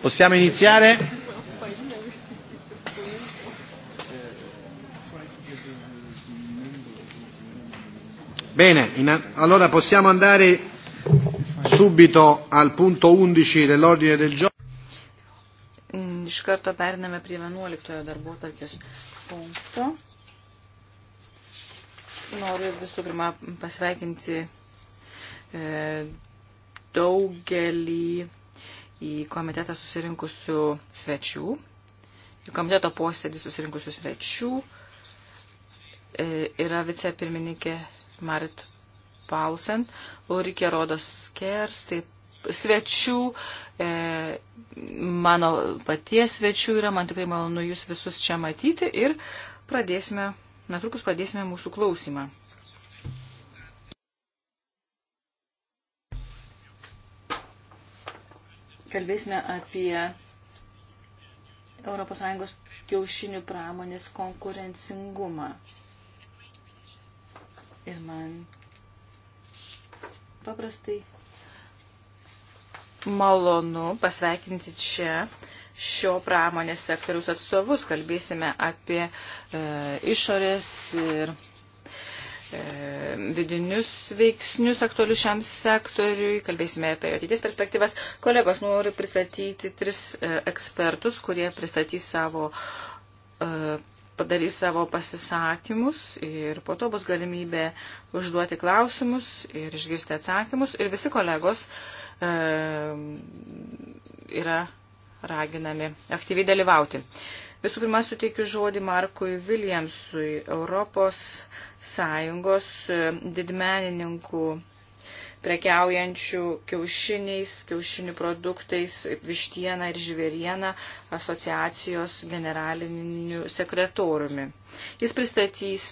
Possiamo iniziare? Bene, in, allora possiamo andare subito al punto 11 dell'ordine del giorno. Mm, iš karto periname prie 11 darbo tarkės punkto. Noriu visų pirma pasveikinti e, daugelį į komitetą susirinkusių svečių, į komiteto posėdį susirinkusių svečių e, yra vicepirmininkė Marit Paulsen, Ulrike Rodos Kers, taip svečių, e, mano paties svečių yra, man tikrai malonu jūs visus čia matyti ir pradėsime, netrukus pradėsime mūsų klausimą. kalbėsime apie ES kiaušinių pramonės konkurencingumą. Ir man paprastai malonu pasveikinti čia šio pramonės sektoriaus atstovus. Kalbėsime apie e, išorės ir E, vidinius veiksnius aktualius šiam sektoriui, kalbėsime apie ateities perspektyvas. Kolegos, noriu pristatyti tris e, ekspertus, kurie pristatys savo, e, padarys savo pasisakymus ir po to bus galimybė užduoti klausimus ir išgirsti atsakymus. Ir visi kolegos yra raginami aktyviai dalyvauti. Visų pirma, suteikiu žodį Markui Williamsui, Europos Sąjungos e, didmenininkų prekiaujančių kiaušiniais, kiaušinių produktais, vištieną ir žvėrieną asociacijos generaliniu sekretoriumi. Jis pristatys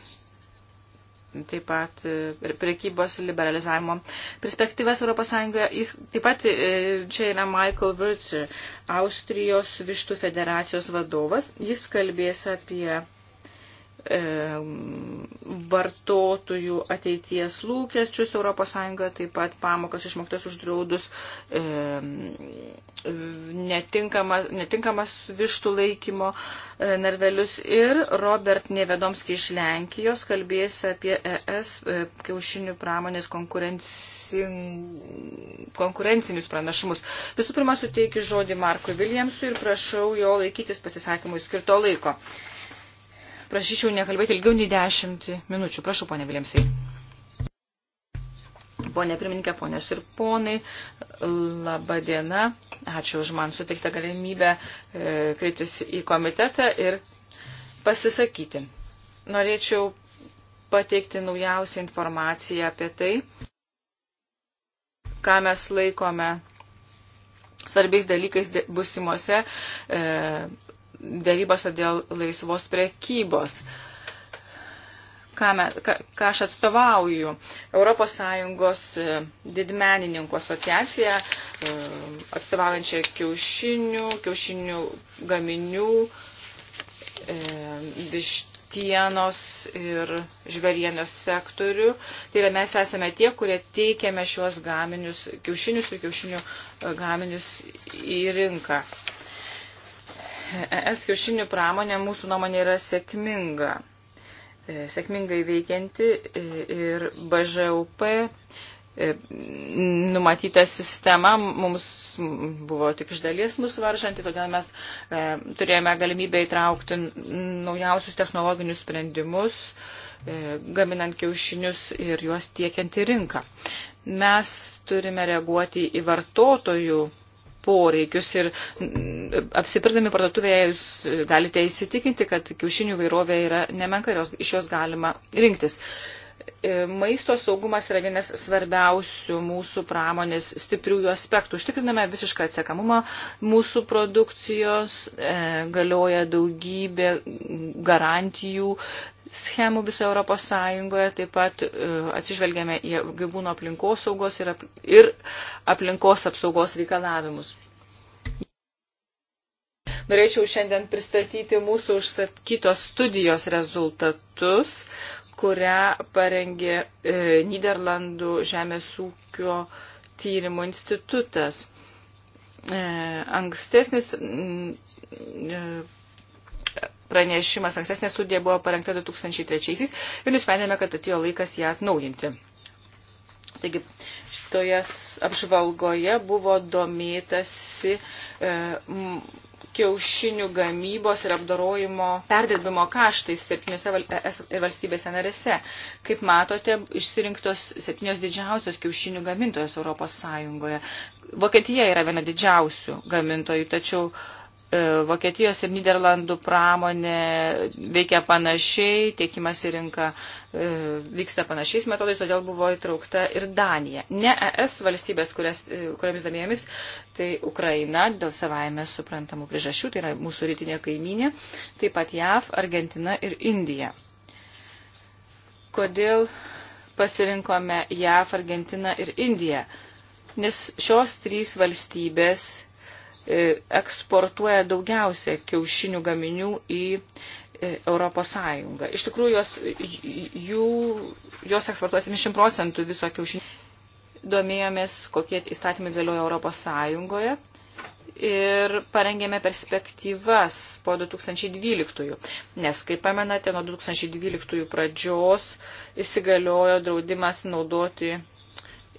taip pat e, prekybos liberalizavimo perspektyvas Europos Sąjungoje. Jis, taip pat e, čia yra Michael Wirtz, Austrijos vištų federacijos vadovas. Jis kalbės apie E, vartotojų ateities lūkesčius ES, taip pat pamokas išmoktas uždraudus e, netinkamas, netinkamas vištų laikymo e, narvelius ir Robert Nevedomski iš Lenkijos kalbės apie ES e, kiaušinių pramonės konkurencinius pranašumus. Visų pirma, suteikiu žodį Markui Viljamsui ir prašau jo laikytis pasisakymui skirto laiko prašyčiau nekalbėti ilgiau nei dešimt minučių. Prašau, ponė Viljamsai. Pone pirmininkė, ponės ir ponai, laba diena. Ačiū už man suteiktą galimybę e, kreiptis į komitetą ir pasisakyti. Norėčiau pateikti naujausią informaciją apie tai, ką mes laikome svarbiais dalykais būsimuose e, dėrybose dėl laisvos prekybos. Ką, me, ką, ką aš atstovauju? Europos Sąjungos e, didmenininkų asociacija, e, atstovaujančia kiaušinių, kiaušinių gaminių, e, vištienos ir žvėrienos sektorių. Tai yra mes esame tie, kurie teikiame šiuos gaminius, kiaušinius ir kiaušinių gaminius į rinką. ES kiaušinių pramonė mūsų nuomonė yra sėkminga. E, sėkmingai veikianti e, ir BŽUP e, numatyta sistema mums buvo tik iš dalies mus varžanti, todėl mes e, turėjome galimybę įtraukti naujausius technologinius sprendimus, e, gaminant kiaušinius ir juos tiekiant į rinką. Mes turime reaguoti į vartotojų poreikius ir mm, apsipirkdami parduotuvėje jūs e, galite įsitikinti, kad kiaušinių vairovė yra nemenka ir iš jos galima rinktis. E, maisto saugumas yra vienas svarbiausių mūsų pramonės stipriųjų aspektų. Užtikriname visišką atsekamumą mūsų produkcijos, e, galioja daugybė garantijų schemų viso Europos Sąjungoje, taip pat e, atsižvelgiame į gyvūnų aplinkosaugos ir aplinkos apsaugos reikalavimus. Norėčiau šiandien pristatyti mūsų užsakytos studijos rezultatus, kurią parengė e, Niderlandų žemės ūkio tyrimų institutas. E, ankstesnis mm, e, pranešimas, ankstesnė studija buvo parengta 2003 ir nusprendėme, kad atėjo laikas ją atnaujinti. Taigi, toje apžvalgoje buvo domėtasi e, kiaušinių gamybos ir apdorojimo perdirbimo kaštais septyniose valstybėse narėse. Kaip matote, išsirinktos septynios didžiausios kiaušinių gamintojos Europos Sąjungoje. Vokietija yra viena didžiausių gamintojų, tačiau uh, E, Vokietijos ir Niderlandų pramonė veikia panašiai, tiekimas į rinką e, vyksta panašiais metodais, todėl buvo įtraukta ir Danija. Ne ES valstybės, kurias, e, kuriamis domėjomis, tai Ukraina dėl savaime suprantamų priežasčių, tai yra mūsų rytinė kaiminė, taip pat JAV, Argentina ir Indija. Kodėl pasirinkome JAV, Argentiną ir Indiją? Nes šios trys valstybės E, eksportuoja daugiausia kiaušinių gaminių į e, Europos Sąjungą. Iš tikrųjų, jos, jų, jos eksportuoja 70 procentų viso kiaušinių. Domėjomės, kokie įstatymai galioja Europos Sąjungoje ir parengėme perspektyvas po 2012. Nes, kaip pamenate, nuo 2012 pradžios įsigaliojo draudimas naudoti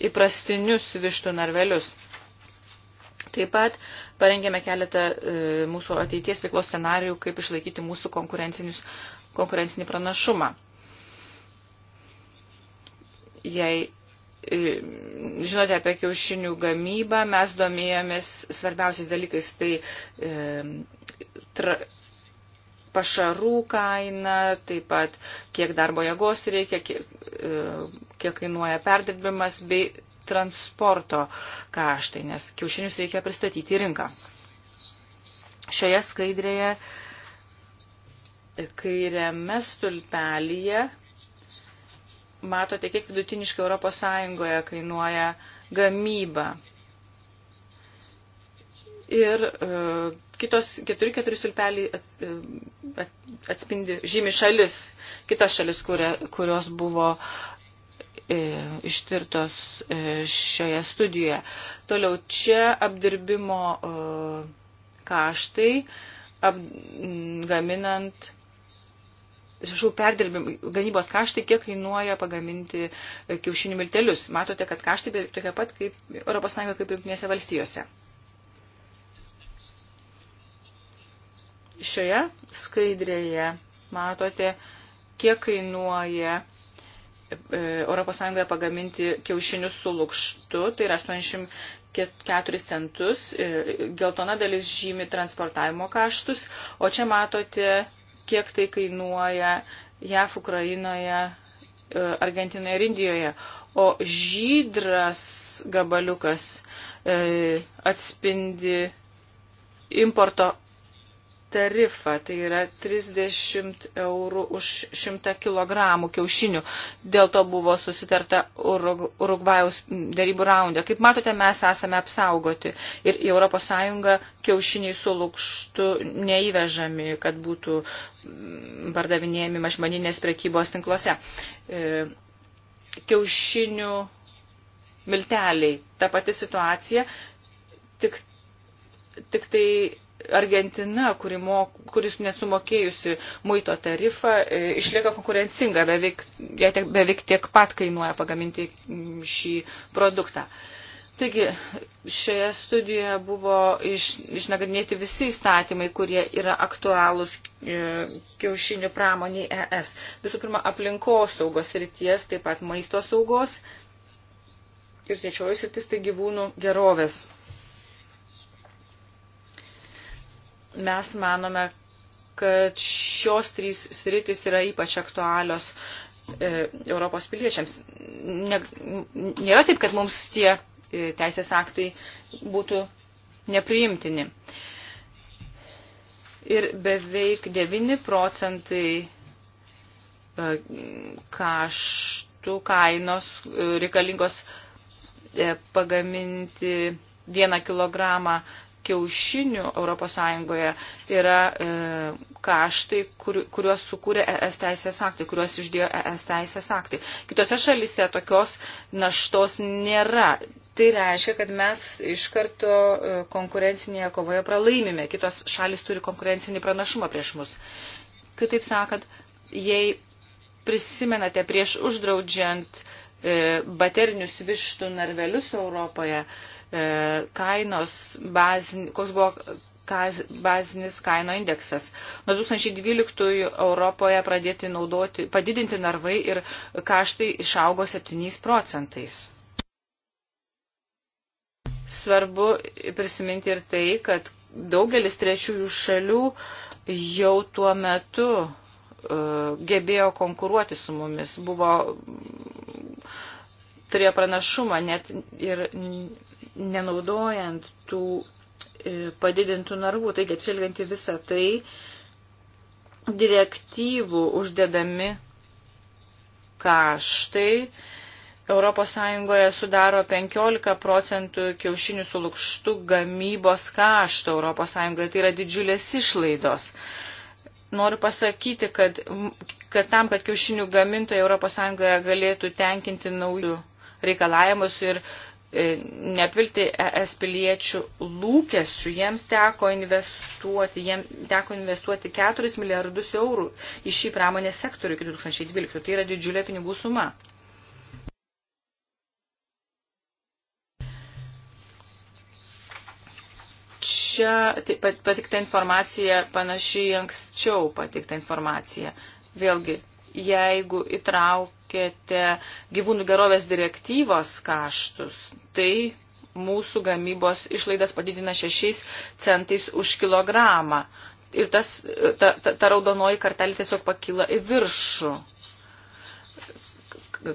įprastinius vištų narvelius. Taip pat parengėme keletą e, mūsų ateities veiklos scenarijų, kaip išlaikyti mūsų konkurencinį pranašumą. Jei e, žinote apie kiaušinių gamybą, mes domėjomės svarbiausiais dalykais, tai e, tra, pašarų kaina, taip pat kiek darbo jėgos reikia, kiek, e, kiek kainuoja perdirbimas bei transporto kaštai, nes kiaušinius reikia pristatyti į rinką. Šioje skaidrėje kairiame stulpelyje matote, kiek vidutiniškai Europos Sąjungoje kainuoja gamyba. Ir e, kitos keturi, keturi stulpeliai at, e, at, atspindi, žymi šalis, kitas šalis, kuria, kurios buvo E, ištirtos e, šioje studijoje. Toliau čia apdirbimo e, kaštai ap, gaminant. Žinau, perdirbim, gamybos kaštai, kiek kainuoja pagaminti kiaušinių miltelius. Matote, kad kaštai tokia pat kaip ES, kaip Junktinėse valstijose. Šioje skaidrėje matote, kiek kainuoja ES pagaminti kiaušinius su lukštu, tai yra 84 centus, e, geltona dalis žymi transportavimo kaštus, o čia matote, kiek tai kainuoja JAF Ukrainoje, e, Argentinoje ir Indijoje. O žydras gabaliukas e, atspindi importo tarifą, tai yra 30 eurų už 100 kg kiaušinių. Dėl to buvo susitarta Urugvajaus darybų raundė. Kaip matote, mes esame apsaugoti ir į ES kiaušiniai su lukštu neįvežami, kad būtų mm, pardavinėjami mažmaninės prekybos tinkluose. E, kiaušinių milteliai, ta pati situacija, tik, tik tai Argentina, kuri mok, kuris net sumokėjusi muito tarifą, e, išlieka konkurencinga, beveik, jai tiek, beveik tiek pat kainuoja pagaminti šį produktą. Taigi, šioje studijoje buvo iš, išnagrinėti visi įstatymai, kurie yra aktualūs e, kiaušinių pramoniai ES. Visų pirma, aplinkos saugos ryties, taip pat maisto saugos ir trečioji sritis tai gyvūnų gerovės Mes manome, kad šios trys sritis yra ypač aktualios e, Europos piliečiams. Ne, nėra taip, kad mums tie e, teisės aktai būtų nepriimtini. Ir beveik 9 procentai e, kaštų kainos e, reikalingos e, pagaminti vieną kilogramą kiaušinių ES yra e, kaštai, kur, kuriuos sukūrė ES teisės aktai, kuriuos išdėjo ES teisės aktai. Kitose šalise tokios naštos nėra. Tai reiškia, kad mes iš karto e, konkurencinėje kovoje pralaimime. Kitos šalis turi konkurencinį pranašumą prieš mus. Kitaip sakant, jei prisimenate prieš uždraudžiant e, baterinius vištų narvelius Europoje, e, E, kainos, bazin, koks buvo bazinis kaino indeksas. Nuo 2012 Europoje pradėti naudoti, padidinti narvai ir kaštai išaugo 7 procentais. Svarbu prisiminti ir tai, kad daugelis trečiųjų šalių jau tuo metu uh, gebėjo konkuruoti su mumis, buvo turėjo pranašumą net ir nenaudojant tų e, padidintų narvų. Taigi atsilgiant į visą tai, direktyvų uždedami kaštai ES sudaro 15 procentų kiaušinių sulukštų gamybos kaštų ES. Tai yra didžiulės išlaidos. Noriu pasakyti, kad, kad tam, kad kiaušinių gamintojai ES galėtų tenkinti naujų reikalavimus ir E, nepilti ES piliečių lūkesčių. Jiems teko investuoti, jiems teko investuoti 4 milijardus eurų į šį pramonės sektorių iki 2012. Tai yra didžiulė pinigų suma. Čia tai patikta informacija panašiai anksčiau patikta informacija. Vėlgi, jeigu įtrauk pateikėte gyvūnų gerovės direktyvos kaštus. Tai mūsų gamybos išlaidas padidina 6 centais už kilogramą. Ir tas, ta, ta, ta raudonoji kartelė tiesiog pakyla į viršų.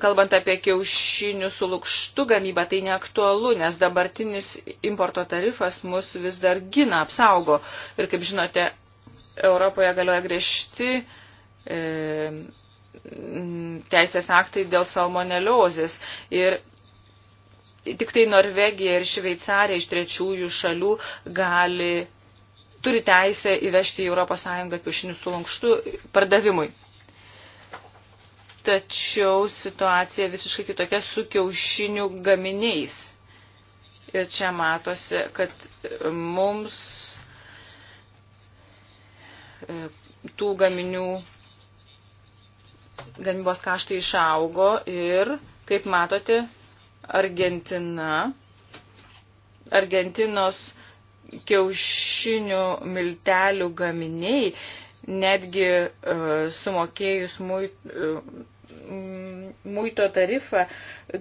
Kalbant apie kiaušinių su lukštu gamybą, tai neaktualu, nes dabartinis importo tarifas mus vis dar gina, apsaugo. Ir kaip žinote, Europoje galioja griežti e, teisės aktai dėl salmoneliozės. Ir tik tai Norvegija ir Šveicarija iš trečiųjų šalių gali, turi teisę įvežti į ES kiaušinių sulankštų pardavimui. Tačiau situacija visiškai kitokia su kiaušinių gaminiais. Ir čia matosi, kad mums e, tų gaminių gamybos kaštai išaugo ir, kaip matote, Argentina, Argentinos kiaušinių miltelių gaminiai, netgi uh, sumokėjus muit, uh, muito tarifą,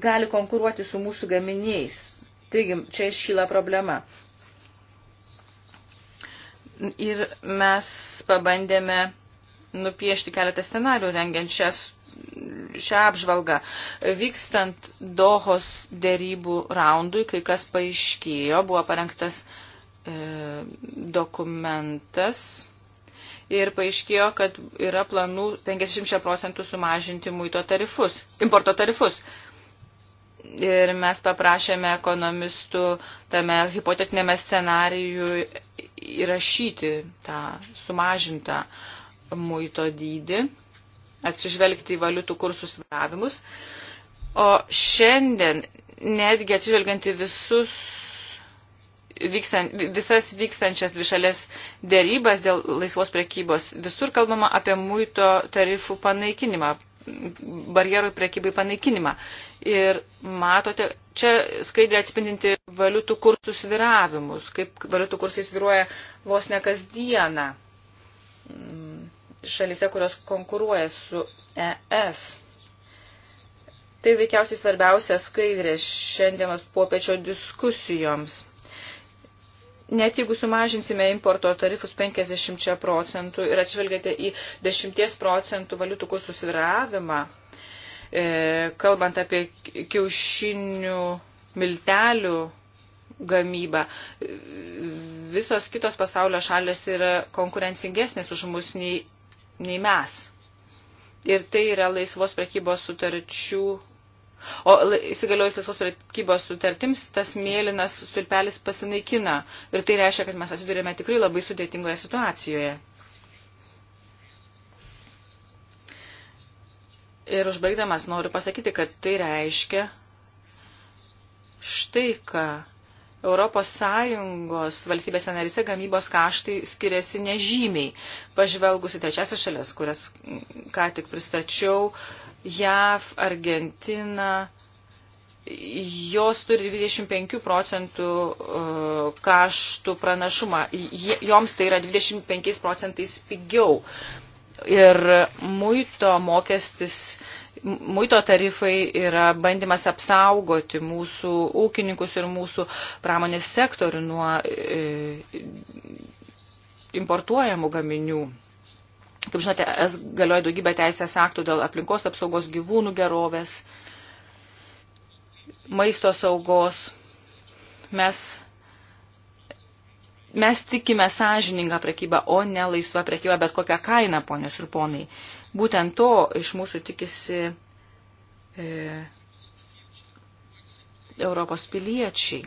gali konkuruoti su mūsų gaminiais. Taigi, čia iškyla problema. Ir mes pabandėme nupiešti keletą scenarių rengiant šias, šią apžvalgą. Vykstant Dohos dėrybų raundui, kai kas paaiškėjo, buvo parengtas e, dokumentas. Ir paaiškėjo, kad yra planų 50 procentų sumažinti muito tarifus, importo tarifus. Ir mes paprašėme ekonomistų tame hipotetinėme scenarijui įrašyti tą sumažintą uh, muito dydį, atsižvelgti į valiutų kursų sviravimus. O šiandien, netgi atsižvelgiant į visus vykstant, visas vykstančias dvišalės dėrybas dėl laisvos prekybos. Visur kalbama apie muito tarifų panaikinimą, barjerų prekybai panaikinimą. Ir matote, čia skaidrė atspindinti valiutų kursų sviravimus, kaip valiutų kursai sviruoja vos ne kasdieną šalise, kurios konkuruoja su ES. Tai veikiausiai svarbiausia skaidrė šiandienos popiečio diskusijoms. Net jeigu sumažinsime importo tarifus 50 procentų ir atšvelgiate į 10 procentų valiutų kursų sviravimą, e, kalbant apie kiaušinių miltelių gamybą. Visos kitos pasaulio šalės yra konkurencingesnės už mus nei nei mes. Ir tai yra laisvos prekybos sutarčių. O įsigaliojus laisvos prekybos sutartims, tas mėlynas stulpelis pasinaikina. Ir tai reiškia, kad mes atsidurėme tikrai labai sudėtingoje situacijoje. Ir užbaigdamas noriu pasakyti, kad tai reiškia štai ką Europos Sąjungos valstybėse narise gamybos kaštai skiriasi nežymiai. Pažvelgus į trečiasias šalias, kurias ką tik pristačiau, JAV, Argentina, jos turi 25 procentų e, kaštų pranašumą. Joms tai yra 25 procentais pigiau ir muito mokestis, muito tarifai yra bandymas apsaugoti mūsų ūkininkus ir mūsų pramonės sektorių nuo e, importuojamų gaminių. Kaip žinote, es galioja daugybę teisės aktų dėl aplinkos apsaugos gyvūnų gerovės, maisto saugos. Mes mes tikime sąžiningą prekybą, o ne laisvą prekybą, bet kokią kainą, ponios ir ponai. Būtent to iš mūsų tikisi e, Europos piliečiai.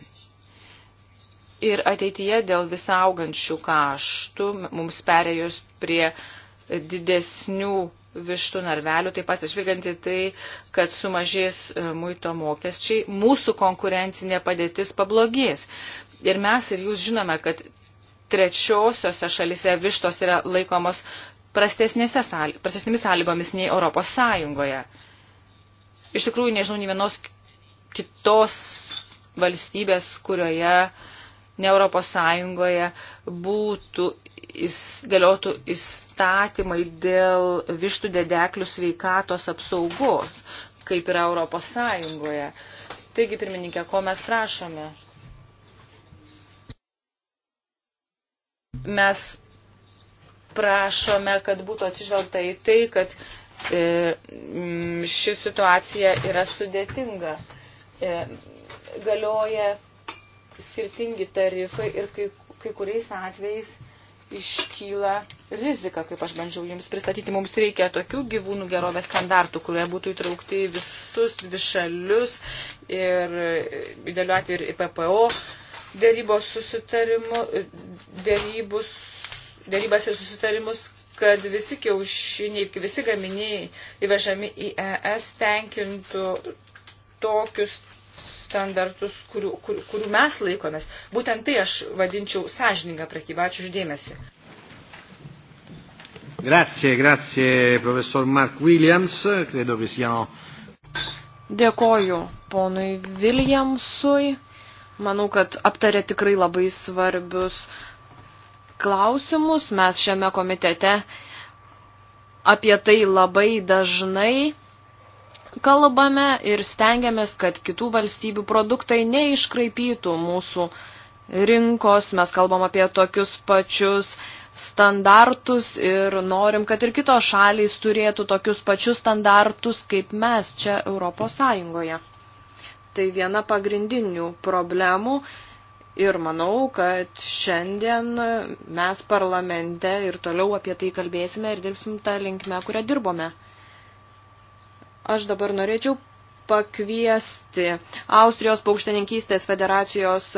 Ir ateityje dėl visaugančių kaštų mums perėjus prie didesnių vištų narvelių, taip pat išvyganti tai, kad sumažės e, muito mokesčiai, mūsų konkurencinė padėtis pablogės. Ir mes ir jūs žinome, kad trečiosiose šalise vištos yra laikomos sąly, prastesnėmis sąlygomis nei Europos Sąjungoje. Iš tikrųjų, nežinau, nei vienos kitos valstybės, kurioje ne Europos Sąjungoje būtų galiotų įstatymai dėl vištų dedeklių sveikatos apsaugos, kaip yra Europos Sąjungoje. Taigi, pirmininkė, ko mes prašome? Mes prašome, kad būtų atsižvelgta į tai, kad e, ši situacija yra sudėtinga. E, galioja skirtingi tarifai ir kai, kai kuriais atvejais iškyla rizika, kaip aš bandžiau jums pristatyti. Mums reikia tokių gyvūnų gerovės standartų, kurie būtų įtraukti visus dvišalius ir dėliu atveju ir PPO dėrybos susitarimu, dėrybus, dėrybas ir susitarimus, kad visi kiaušiniai, visi gaminiai įvežami į ES tenkintų tokius standartus, kurių, kur, kurių mes laikomės. Būtent tai aš vadinčiau sąžiningą prekybą. Ačiū uždėmesi. Grazie, grazie, profesor Mark Williams. Credo che siano. Dėkoju ponui Williamsui. Manau, kad aptarė tikrai labai svarbius klausimus. Mes šiame komitete apie tai labai dažnai kalbame ir stengiamės, kad kitų valstybių produktai neiškraipytų mūsų rinkos. Mes kalbam apie tokius pačius standartus ir norim, kad ir kitos šalys turėtų tokius pačius standartus, kaip mes čia Europos Sąjungoje. Tai viena pagrindinių problemų ir manau, kad šiandien mes parlamente ir toliau apie tai kalbėsime ir dirbsim tą linkmę, kurią dirbome. Aš dabar norėčiau pakviesti Austrijos paukštininkystės federacijos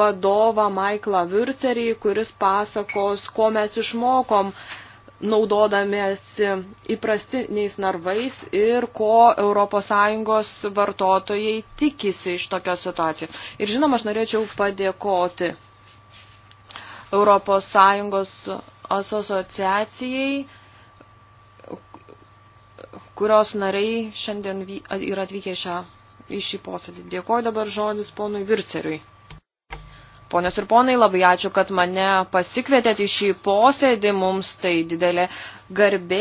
vadovą Maiklą Vircerį, kuris pasakos, ko mes išmokom uh, naudodamiesi įprastiniais narvais ir ko ES vartotojai tikisi iš tokios situacijos. Ir žinoma, aš norėčiau padėkoti ES asociacijai, kurios nariai šiandien yra atvykę šią, į šį posėdį. Dėkoju dabar žodis ponui Virceriui. Ponios ir ponai, labai ačiū, kad mane pasikvietėte į šį posėdį, mums tai didelė garbė.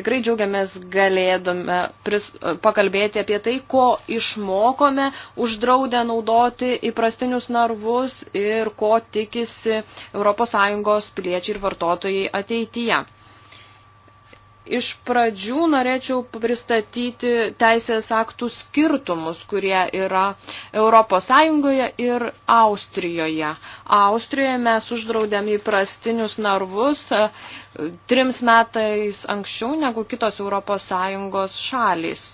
Tikrai džiaugiamės galėdome pris, pakalbėti apie tai, ko išmokome uždraudę naudoti įprastinius narvus ir ko tikisi ES piliečiai ir vartotojai ateityje. Iš pradžių norėčiau pristatyti teisės aktų skirtumus, kurie yra Europos Sąjungoje ir Austrijoje. Austrijoje mes uždraudėm įprastinius narvus e, trims metais anksčiau negu kitos Europos Sąjungos šalys.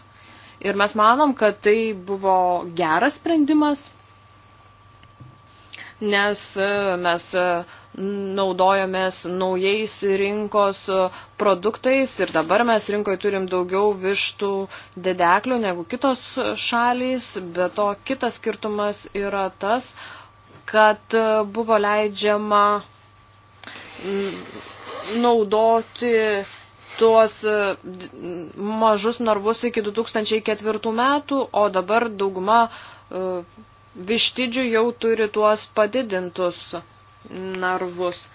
Ir mes manom, kad tai buvo geras sprendimas, nes e, mes e, naudojomės naujais rinkos produktais ir dabar mes rinkoje turim daugiau vištų dedeklių negu kitos šalys, bet to kitas skirtumas yra tas, kad buvo leidžiama naudoti tuos mažus narvus iki 2004 metų, o dabar dauguma vištidžių jau turi tuos padidintus narvus.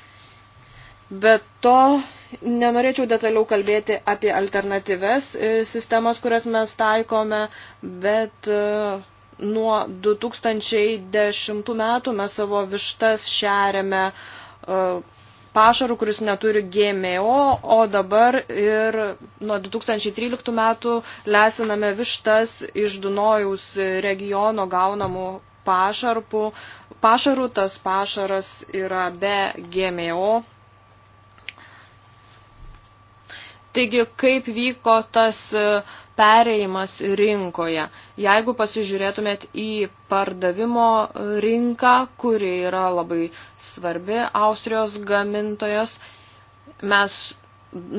Bet to nenorėčiau detaliau kalbėti apie alternatyves e, sistemas, kurias mes taikome, bet e, nuo 2010 metų mes savo vištas šeriame e, pašarų, kuris neturi GMO, o dabar ir nuo 2013 metų lesiname vištas iš Dunojaus regiono gaunamų pašarpų, pašarų, tas pašaras yra be GMO. Taigi, kaip vyko tas e, pereimas rinkoje? Jeigu pasižiūrėtumėt į pardavimo rinką, kuri yra labai svarbi Austrijos gamintojas, mes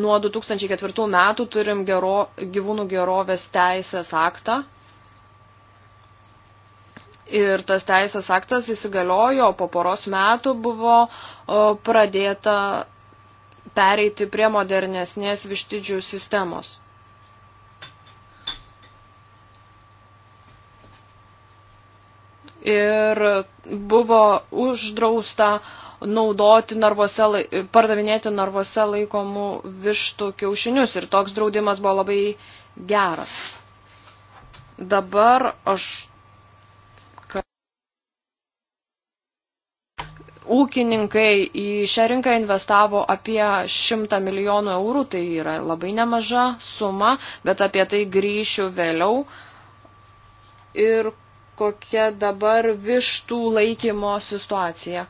nuo 2004 metų turim gero, gyvūnų gerovės teisės aktą, ir tas teisės aktas įsigaliojo, po poros metų buvo pradėta pereiti prie modernesnės vištidžių sistemos. Ir buvo uždrausta naudoti narvose, pardavinėti narvose laikomų vištų kiaušinius ir toks draudimas buvo labai geras. Dabar aš ūkininkai į šią rinką investavo apie 100 milijonų eurų, tai yra labai nemaža suma, bet apie tai grįšiu vėliau. Ir kokia dabar vištų laikymo situacija.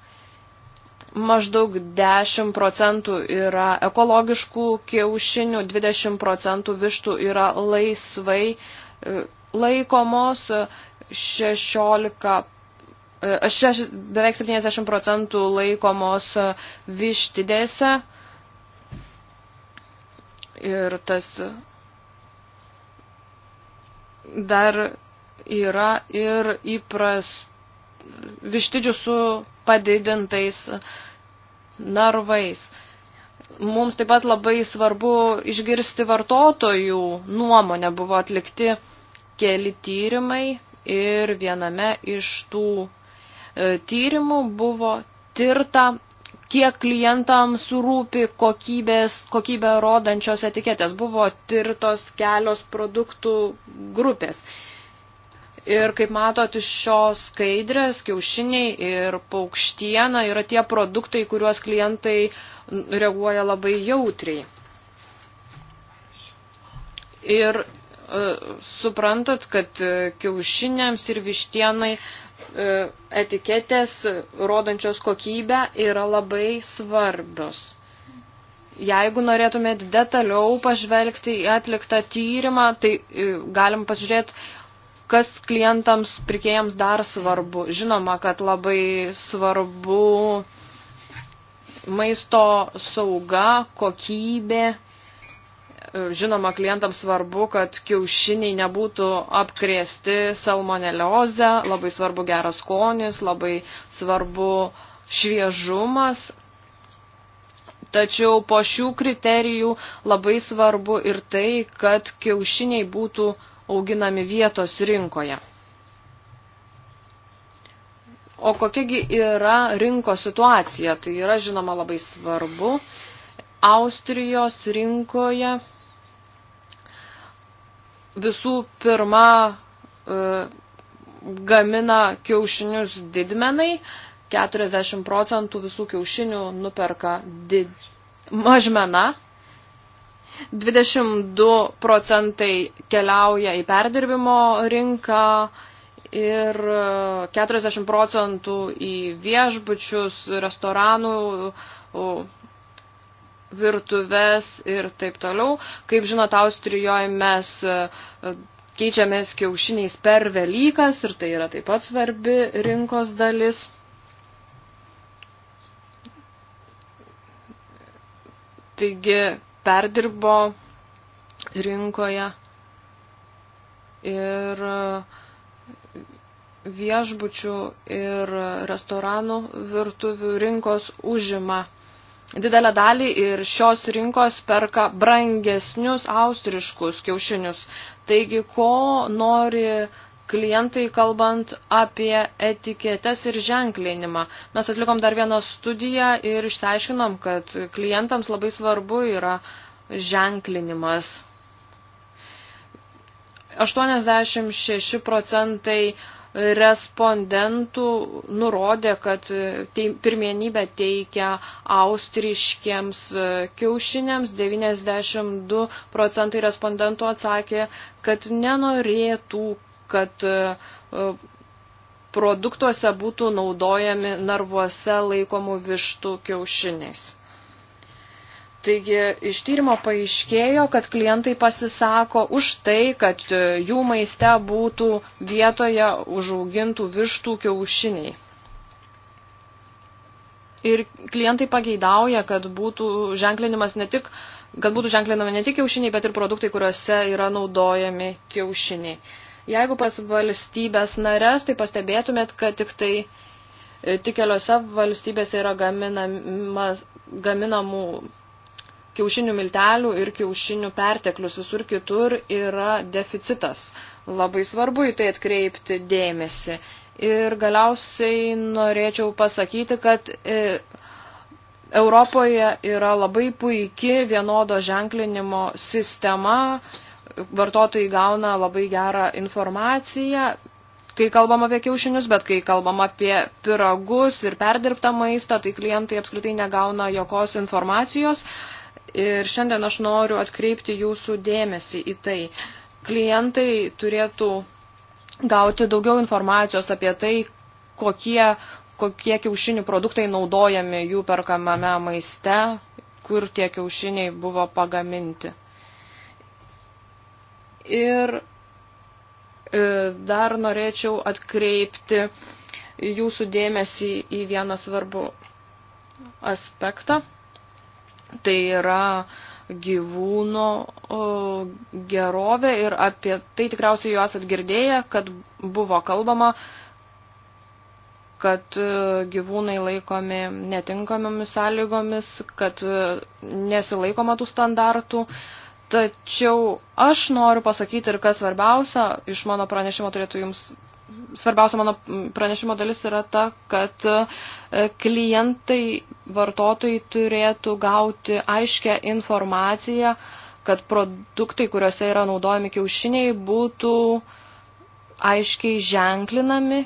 Maždaug 10 procentų yra ekologiškų kiaušinių, 20 procentų vištų yra laisvai e, laikomos, 16 šeš, beveik 70 procentų laikomos e, vištidėse ir tas dar yra ir įpras vištidžių su padidintais narvais. Mums taip pat labai svarbu išgirsti vartotojų nuomonę. Buvo atlikti keli tyrimai ir viename iš tų E, tyrimų buvo tirta, kiek klientams rūpi kokybės, kokybę rodančios etiketės. Buvo tirtos kelios produktų grupės. Ir kaip matot iš šios skaidrės, kiaušiniai ir paukštiena yra tie produktai, kuriuos klientai reaguoja labai jautriai. Ir e, suprantat, kad e, kiaušiniams ir vištienai E, etiketės, rodančios kokybę, yra labai svarbios. Jeigu norėtumėt detaliau pažvelgti į atliktą tyrimą, tai e, galim pasižiūrėti, kas klientams, pirkėjams dar svarbu. Žinoma, kad labai svarbu maisto sauga, kokybė. Žinoma, klientams svarbu, kad kiaušiniai nebūtų apkrėsti salmonelioze, labai svarbu geras skonis, labai svarbu šviežumas. Tačiau po šių kriterijų labai svarbu ir tai, kad kiaušiniai būtų auginami vietos rinkoje. O kokiagi yra rinkos situacija? Tai yra žinoma labai svarbu. Austrijos rinkoje visų pirma e, gamina kiaušinius didmenai, 40 procentų visų kiaušinių nuperka did... mažmena, 22 procentai keliauja į perdirbimo rinką ir 40 e, procentų į viešbučius, restoranų, virtuves ir taip toliau. Kaip žinot, Austrijoje mes e, keičiamės kiaušiniais per Velykas ir tai yra taip pat svarbi rinkos dalis. Taigi perdirbo rinkoje ir e, viešbučių ir restoranų virtuvių rinkos užima didelę dalį ir šios rinkos perka brangesnius austriškus kiaušinius. Taigi, ko nori klientai, kalbant apie etiketes ir ženklinimą. Mes atlikom dar vieną studiją ir išsiaiškinom, kad klientams labai svarbu yra ženklinimas. 86 procentai uh, respondentų nurodė, kad pirmienybę teikia austriškiams e, kiaušiniams. 92 procentai respondentų atsakė, kad nenorėtų, kad e, e, produktuose būtų naudojami narvuose laikomų vištų kiaušiniais. Taigi iš tyrimo paaiškėjo, kad klientai pasisako už tai, kad e, jų maiste būtų vietoje užaugintų vištų kiaušiniai. Ir klientai pageidauja, kad būtų ženklinimas ne tik, kad būtų ženklinami ne tik kiaušiniai, bet ir produktai, kuriuose yra naudojami kiaušiniai. Jeigu pas valstybės nares, tai pastebėtumėt, kad tik tai e, tik keliose valstybėse yra gaminamas, gaminamų kiaušinių miltelių ir kiaušinių perteklius visur kitur yra deficitas. Labai svarbu į tai atkreipti dėmesį. Ir galiausiai norėčiau pasakyti, kad e, Europoje yra labai puiki vienodo ženklinimo sistema, vartotojai gauna labai gerą informaciją, kai kalbam apie kiaušinius, bet kai kalbam apie piragus ir perdirbtą maistą, tai klientai apskritai negauna jokios informacijos. Ir šiandien aš noriu atkreipti jūsų dėmesį į tai. Klientai turėtų gauti daugiau informacijos apie tai, kokie, kokie kiaušinių produktai naudojami jų perkamame maiste, kur tie kiaušiniai buvo pagaminti. Ir e, dar norėčiau atkreipti jūsų dėmesį į vieną svarbų aspektą. Tai yra gyvūno gerovė ir apie tai tikriausiai jau esat girdėję, kad buvo kalbama, kad e, gyvūnai laikomi netinkamomis sąlygomis, kad e, nesilaikoma tų standartų. Tačiau aš noriu pasakyti ir kas svarbiausia, iš mano pranešimo turėtų jums svarbiausia mano pranešimo dalis yra ta, kad e, klientai, vartotojai turėtų gauti aiškę informaciją, kad produktai, kuriuose yra naudojami kiaušiniai, būtų aiškiai ženklinami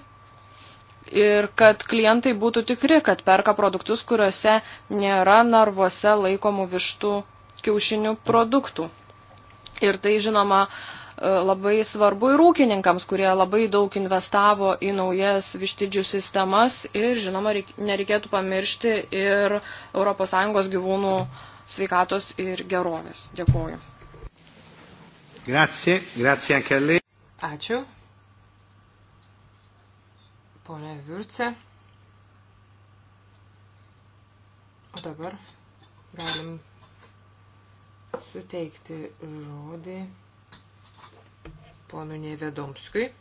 ir kad klientai būtų tikri, kad perka produktus, kuriuose nėra narvuose laikomų vištų kiaušinių produktų. Ir tai, žinoma, uh, E, labai svarbu ir ūkininkams, kurie labai daug investavo į naujas vištidžių sistemas ir, žinoma, nereikėtų pamiršti ir ES gyvūnų sveikatos ir gerovės. Dėkuoju. Grazie, grazie anche a lei. Ačiū. Pone Virce. O dabar galim suteikti žodį ponu Nevedomskui.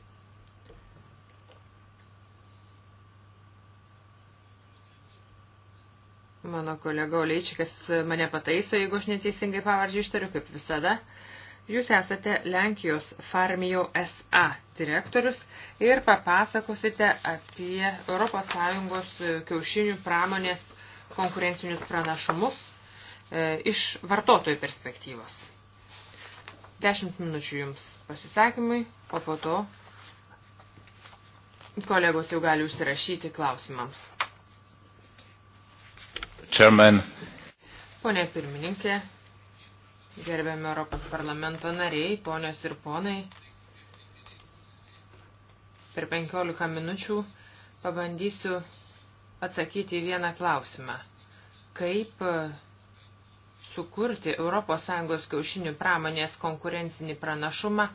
Mano kolega Oleičikas mane pataiso, jeigu aš neteisingai pavardžiai ištariu, kaip visada. Jūs esate Lenkijos Farmijo SA direktorius ir papasakosite apie ES kiaušinių pramonės konkurencinius pranašumus e, iš vartotojų perspektyvos. Dešimt minučių jums pasisakymui, o po to kolegos jau gali užsirašyti klausimams. Chairman. Pone pirmininkė, gerbiami Europos parlamento nariai, ponios ir ponai, per 15 minučių pabandysiu atsakyti į vieną klausimą. Kaip sukurti ES kiaušinių pramonės konkurencinį pranašumą e,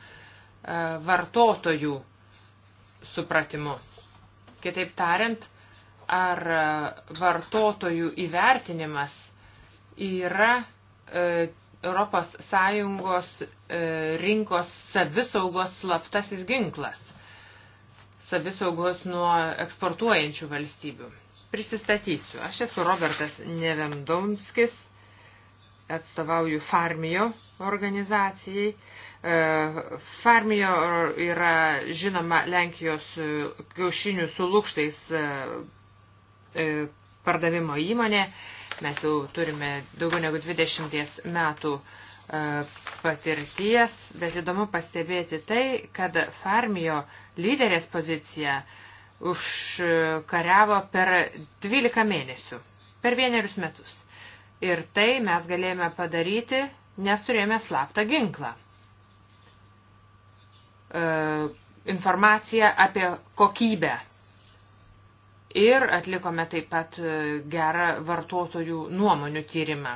vartotojų supratimu. Kitaip tariant, ar e, vartotojų įvertinimas yra ES e, rinkos savisaugos slaptasis ginklas, savisaugos nuo eksportuojančių valstybių. Prisistatysiu. Aš esu Robertas Nevemdomskis atstovauju Farmijo organizacijai. E, Farmijo yra žinoma Lenkijos e, kiaušinių su lūkštais e, pardavimo įmonė. Mes jau turime daugiau negu 20 metų patirties, bet įdomu pastebėti tai, kad Farmijo lyderės pozicija užkariavo per 12 mėnesių, per vienerius metus. Ir tai mes galėjome padaryti, nes turėjome slaptą ginklą. E, informaciją apie kokybę. Ir atlikome taip pat e, gerą vartotojų nuomonių tyrimą.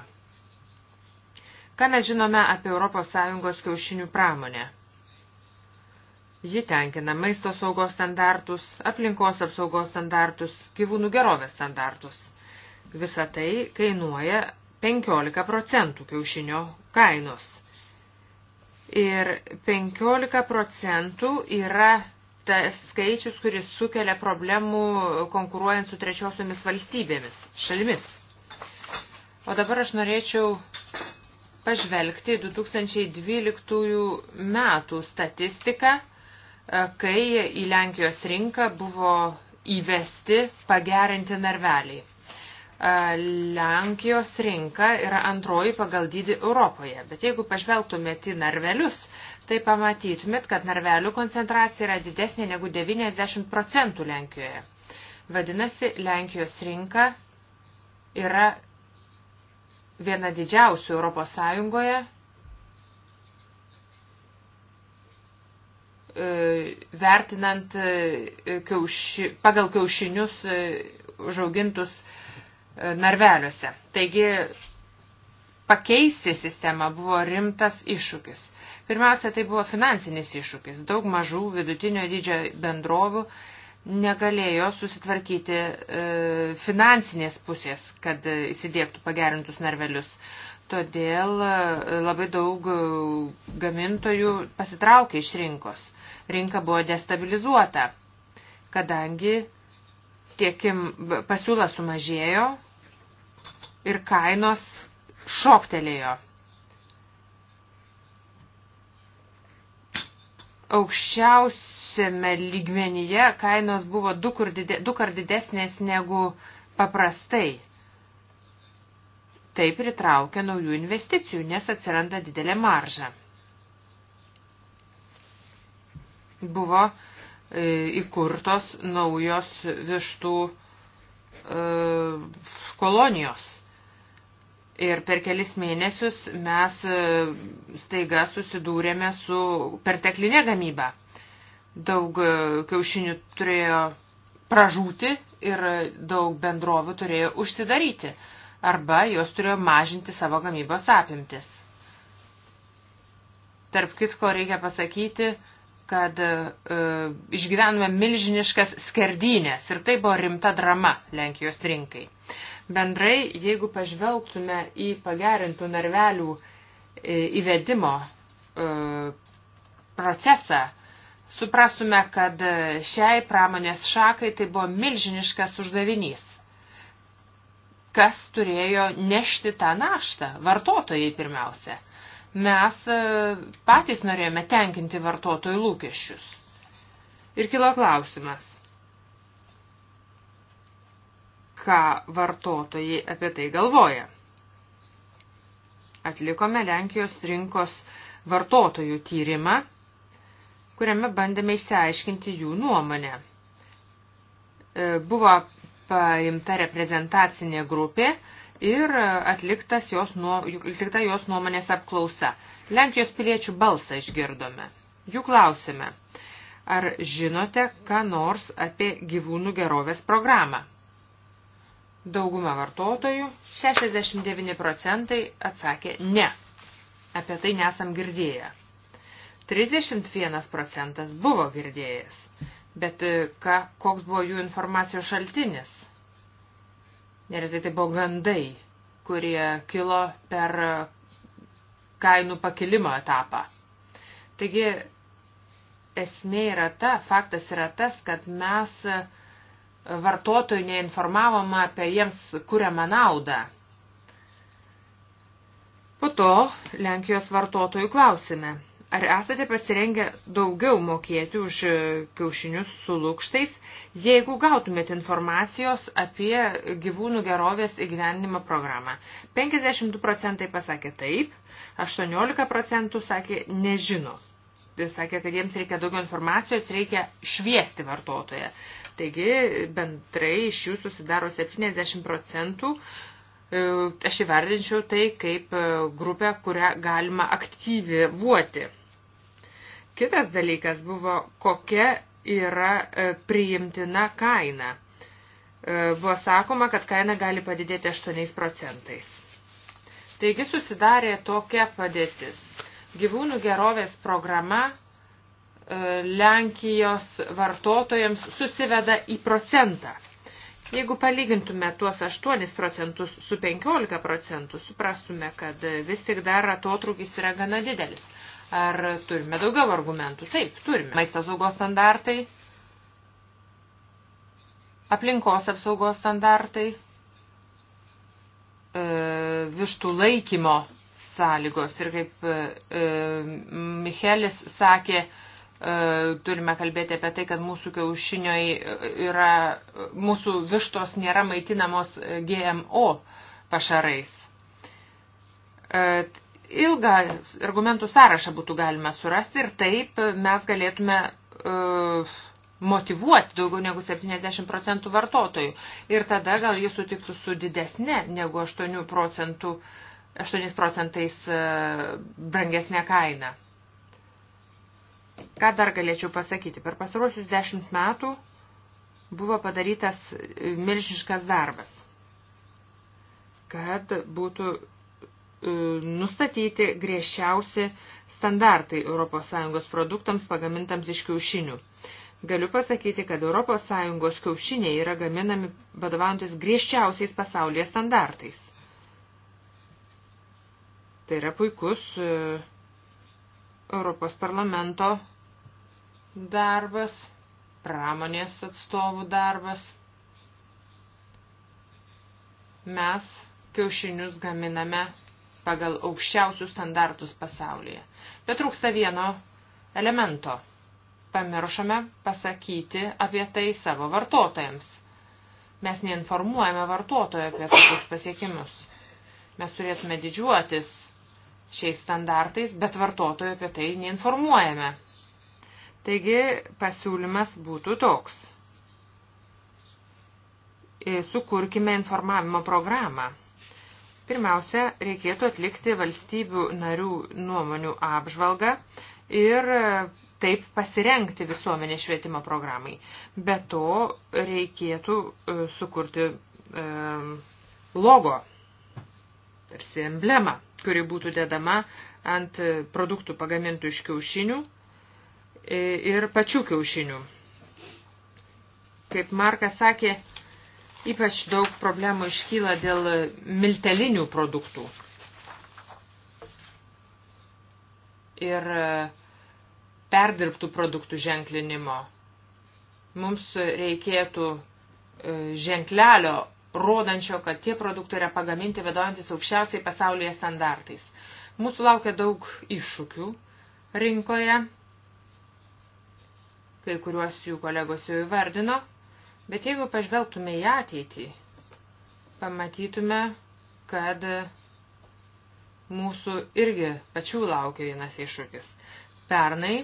Ką mes žinome apie ES kiaušinių pramonę? Ji tenkina maisto saugos standartus, aplinkos apsaugos standartus, gyvūnų gerovės standartus. Visa tai kainuoja 15 procentų kiaušinio kainos. Ir 15 procentų yra tas skaičius, kuris sukelia problemų konkuruojant su trečiosiomis valstybėmis, šalimis. O dabar aš norėčiau pažvelgti 2012 metų statistiką, e, kai į Lenkijos rinką buvo įvesti pagerinti narveliai. Lenkijos rinka yra antroji pagal dydį Europoje, bet jeigu pažvelgtumėt į narvelius, tai pamatytumėt, kad narvelių koncentracija yra didesnė negu 90 procentų Lenkijoje. Vadinasi, Lenkijos rinka yra viena didžiausių Europos Sąjungoje e, vertinant e, kiauši, pagal kiaušinius e, užaugintus uh, narveliuose. Taigi pakeisti sistemą buvo rimtas iššūkis. Pirmiausia, tai buvo finansinis iššūkis. Daug mažų vidutinio dydžio bendrovių negalėjo susitvarkyti e, finansinės pusės, kad įsidėktų pagerintus narvelius. Todėl e, labai daug gamintojų pasitraukė iš rinkos. Rinka buvo destabilizuota, kadangi tiekim pasiūla sumažėjo, ir kainos šoktelėjo. Aukščiausiame lygmenyje kainos buvo du, kur dide, du kart didesnės negu paprastai. Tai pritraukia naujų investicijų, nes atsiranda didelė marža. Buvo e, įkurtos naujos vištų e, kolonijos. Ir per kelis mėnesius mes e, staiga susidūrėme su perteklinė gamyba. Daug e, kiaušinių turėjo pražūti ir daug bendrovių turėjo užsidaryti arba jos turėjo mažinti savo gamybos apimtis. Tarp kitko reikia pasakyti, kad e, išgyvenome milžiniškas skerdynės ir tai buvo rimta drama Lenkijos rinkai. E, Bendrai, jeigu pažvelgtume į pagerintų narvelių e, įvedimo e, procesą, suprastume, kad e, šiai pramonės šakai tai buvo milžiniškas uždavinys. Kas turėjo nešti tą naštą? Vartotojai pirmiausia. Mes patys norėjome tenkinti vartotojų lūkesčius. Ir kilo klausimas, ką vartotojai apie tai galvoja. Atlikome Lenkijos rinkos vartotojų tyrimą, kuriame bandėme išsiaiškinti jų nuomonę. E, buvo paimta reprezentacinė grupė ir atliktas jos, nuo, atlikta jos nuomonės apklausa. Lenkijos piliečių balsą išgirdome. Jų klausime, ar žinote, ką nors apie gyvūnų gerovės programą? Dauguma vartotojų, 69 procentai, atsakė ne. Apie tai nesam girdėję. 31 procentas buvo girdėjęs, bet e, ka, koks buvo jų informacijos šaltinis? Neretai tai buvo gandai, kurie kilo per e, kainų pakilimo etapą. Taigi esmė yra ta, faktas yra tas, kad mes uh, vartotojų neinformavoma apie jiems kuriamą naudą. Po to Lenkijos vartotojų klausime, ar esate pasirengę daugiau mokėti už kiaušinius su lūkštais, jeigu gautumėt informacijos apie gyvūnų gerovės įgyvendinimo programą. 52 procentai pasakė taip, 18 procentų sakė nežino. Tai sakė, kad jiems reikia daugiau informacijos, reikia šviesti vartotoje. Taigi bendrai iš jų susidaro 70 procentų. E, aš įvardinčiau tai kaip e, grupę, kurią galima aktyvuoti. Kitas dalykas buvo, kokia yra e, priimtina kaina. Buvo sakoma, kad kaina gali padidėti 8 procentais. Taigi susidarė tokia padėtis. Gyvūnų gerovės programa Lenkijos vartotojams susiveda į procentą. Jeigu palygintume tuos 8 procentus su 15 procentų, suprastume, kad vis tik dar atotrukis yra gana didelis. Ar turime daugiau argumentų? Taip, turime. Maisto saugos standartai, aplinkos apsaugos standartai, e, vištų laikymo sąlygos. Ir kaip e, e, Michelis sakė, E, turime kalbėti apie tai, kad mūsų kiaušiniai e, yra, mūsų vištos nėra maitinamos e, GMO pašarais. Ilgą argumentų sąrašą būtų galima surasti ir taip mes galėtume motivuoti daugiau negu 70 procentų vartotojų. Ir tada gal jis sutiktų su didesne negu 8, procentų, 8 procentais brangesnė kaina. Ką dar galėčiau pasakyti? Per pasaruosius dešimt metų buvo padarytas e, milžiniškas darbas, kad būtų e, nustatyti griežčiausi standartai ES produktams pagamintams iš kiaušinių. Galiu pasakyti, kad ES kiaušiniai yra gaminami vadovaujantis griežčiausiais pasaulyje standartais. Tai yra puikus e, Europos parlamento darbas, pramonės atstovų darbas. Mes kiaušinius gaminame pagal aukščiausius standartus pasaulyje. Bet trūksta vieno elemento. Pamiršome pasakyti apie tai savo vartotojams. Mes neinformuojame vartotojo apie tokius pasiekimus. Mes turėtume didžiuotis šiais standartais, bet vartotojo apie tai neinformuojame. Taigi pasiūlymas būtų toks. E, sukurkime informavimo programą. Pirmiausia, reikėtų atlikti valstybių narių nuomonių apžvalgą ir e, taip pasirengti visuomenė švietimo programai. Be to reikėtų e, sukurti e, logo, tarsi emblemą, kuri būtų dedama ant produktų pagamintų iš kiaušinių ir pačių kiaušinių. Kaip Markas sakė, ypač daug problemų iškyla dėl miltelinių produktų. Ir e, perdirbtų produktų ženklinimo. Mums reikėtų e, ženklelio, rodančio, kad tie produktai yra pagaminti vedojantis aukščiausiai pasaulyje standartais. Mūsų laukia daug iššūkių rinkoje kai kuriuos jų kolegos jau įvardino, bet jeigu pažvelgtume į ateitį, pamatytume, kad mūsų irgi pačių laukia vienas iššūkis. Pernai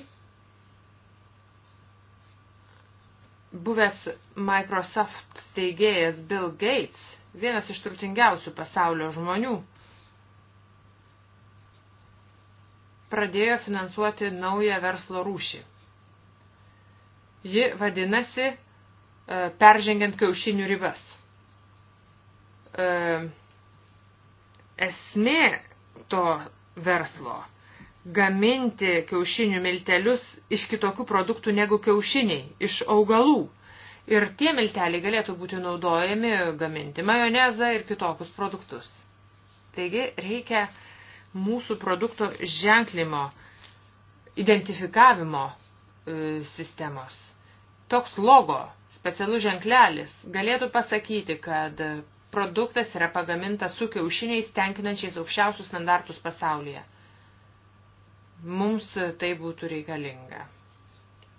buvęs Microsoft steigėjas Bill Gates, vienas iš turtingiausių pasaulio žmonių, pradėjo finansuoti naują verslo rūšį – Ji vadinasi e, peržengiant kiaušinių ribas. E, esmė to verslo - gaminti kiaušinių miltelius iš kitokių produktų negu kiaušiniai, iš augalų. Ir tie milteliai galėtų būti naudojami gaminti majonezą ir kitokius produktus. Taigi reikia mūsų produkto ženklimo, identifikavimo e, sistemos toks logo, specialus ženklelis galėtų pasakyti, kad produktas yra pagamintas su kiaušiniais tenkinančiais aukščiausius standartus pasaulyje. Mums tai būtų reikalinga.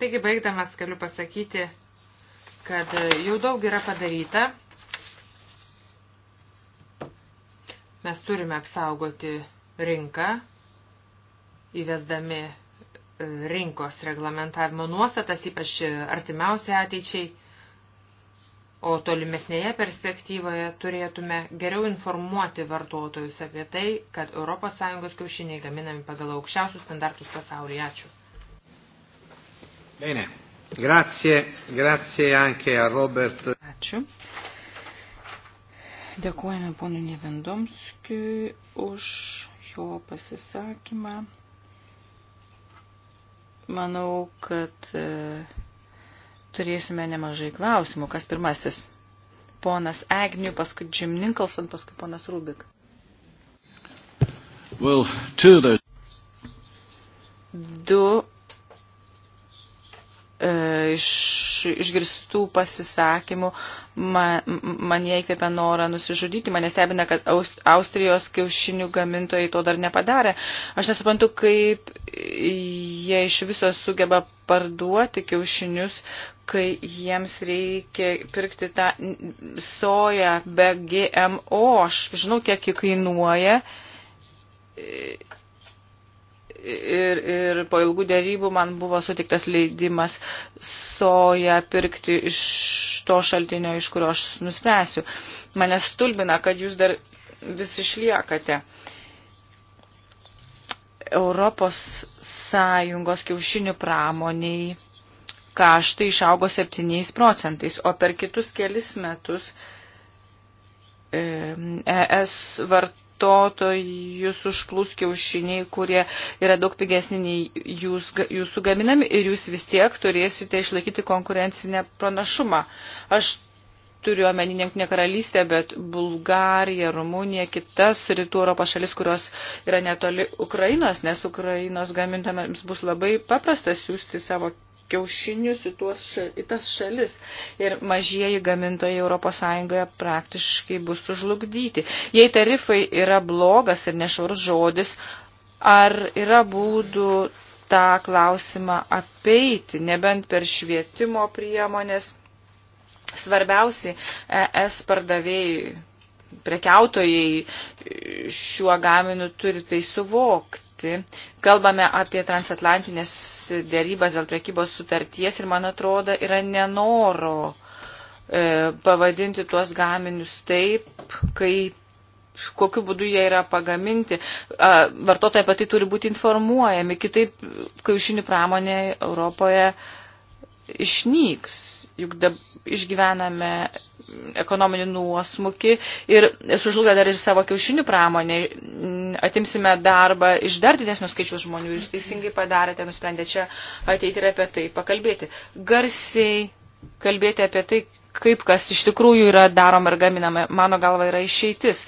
Taigi, baigdamas, galiu pasakyti, kad jau daug yra padaryta. Mes turime apsaugoti rinką, įvesdami rinkos reglamentavimo nuostatas, ypač artimiausiai ateičiai, o tolimesnėje perspektyvoje turėtume geriau informuoti vartotojus apie tai, kad ES kiaušiniai gaminami pagal aukščiausius standartus pasaulyje. Ačiū. Bene. Grazie, grazie anche a Robert. Ačiū. Dėkojame ponui Nevendomskiui už jo pasisakymą. Manau, kad e, turėsime nemažai klausimų. Kas pirmasis? Ponas Agnių, paskui Jim Nicholson, paskui ponas Rubik. Well, the... Du E, iš išgirstų pasisakymų man, man jie įkvėpia norą nusižudyti. Mane stebina, kad Aust, Austrijos kiaušinių gamintojai to dar nepadarė. Aš nesuprantu, kaip jie iš viso sugeba parduoti kiaušinius, kai jiems reikia pirkti tą soją be GMO. Aš žinau, kiek jį kainuoja ir, ir po ilgų dėrybų man buvo sutiktas leidimas soją pirkti iš to šaltinio, iš kurio aš nuspręsiu. Mane stulbina, kad jūs dar vis išliekate. Europos Sąjungos kiaušinių pramoniai kaštai išaugo 7 procentais, o per kitus kelis metus ES e vart vartotojus užplūs kiaušiniai, kurie yra daug pigesni nei jūs, jūsų gaminami ir jūs vis tiek turėsite išlaikyti konkurencinę pranašumą. Aš turiu omeny ne, ne karalystę, bet Bulgariją, Rumuniją, kitas rytų Europos šalis, kurios yra netoli Ukrainos, nes Ukrainos gamintams bus labai paprasta siūsti savo kiaušinius į, tuos, į tas šalis ir mažieji gamintojai ES praktiškai bus sužlugdyti. Jei tarifai yra blogas ir nešvarus žodis, ar yra būdų tą klausimą apeiti, nebent per švietimo priemonės. Svarbiausiai ES pardavėjai, prekiautojai šiuo gaminu turi tai suvokti kiti. Kalbame apie transatlantinės dėrybas dėl prekybos sutarties ir, man atrodo, yra nenoro e, pavadinti tuos gaminius taip, kaip kokiu būdu jie yra pagaminti. A, vartotojai pati turi būti informuojami, kitaip kiaušinių pramonė Europoje išnyks juk dab, išgyvename ekonominį nuosmukį ir sužlugę dar ir savo kiaušinių pramonę, atimsime darbą iš dar didesnio skaičiaus žmonių. Jūs teisingai padarėte, nusprendę čia ateiti ir apie tai pakalbėti. Garsiai kalbėti apie tai, kaip kas iš tikrųjų yra daroma ir gaminama, mano galva yra išeitis.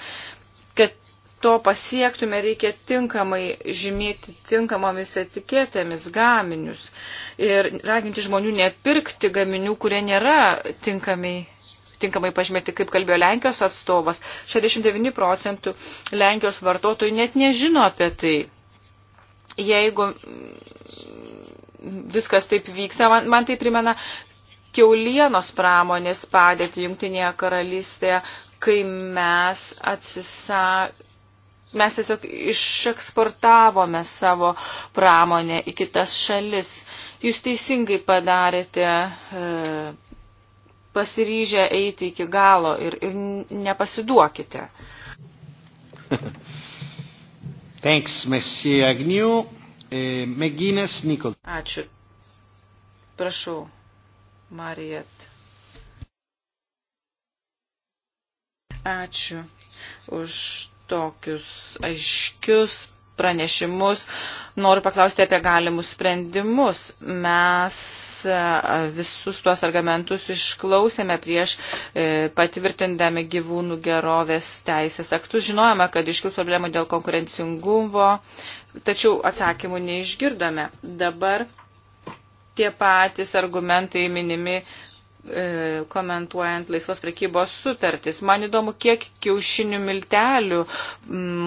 Kad to pasiektume, reikia tinkamai žymėti tinkamomis etiketėmis gaminius ir raginti žmonių nepirkti gaminių, kurie nėra tinkamai, tinkamai pažymėti, kaip kalbėjo Lenkijos atstovas. 69 procentų Lenkijos vartotojų net nežino apie tai. Jeigu viskas taip vyksta, man, man tai primena kiaulienos pramonės padėti Jungtinėje karalystėje, kai mes atsisa, Mes tiesiog išeksportavome savo pramonę į kitas šalis. Jūs teisingai padarėte e, pasiryžę eiti iki galo ir, ir nepasiduokite. Thanks, Messie Agnew. E, Meginės Nikol. Ačiū. Prašau, Marijat. Ačiū už tokius aiškius pranešimus. Noriu paklausti apie galimus sprendimus. Mes e, visus tuos argumentus išklausėme prieš e, patvirtindami gyvūnų gerovės teisės aktus. Žinojame, kad iškils problemų dėl konkurencingumo, tačiau atsakymų neišgirdome. Dabar tie patys argumentai minimi E, komentuojant laisvos prekybos sutartis. Man įdomu, kiek kiaušinių miltelių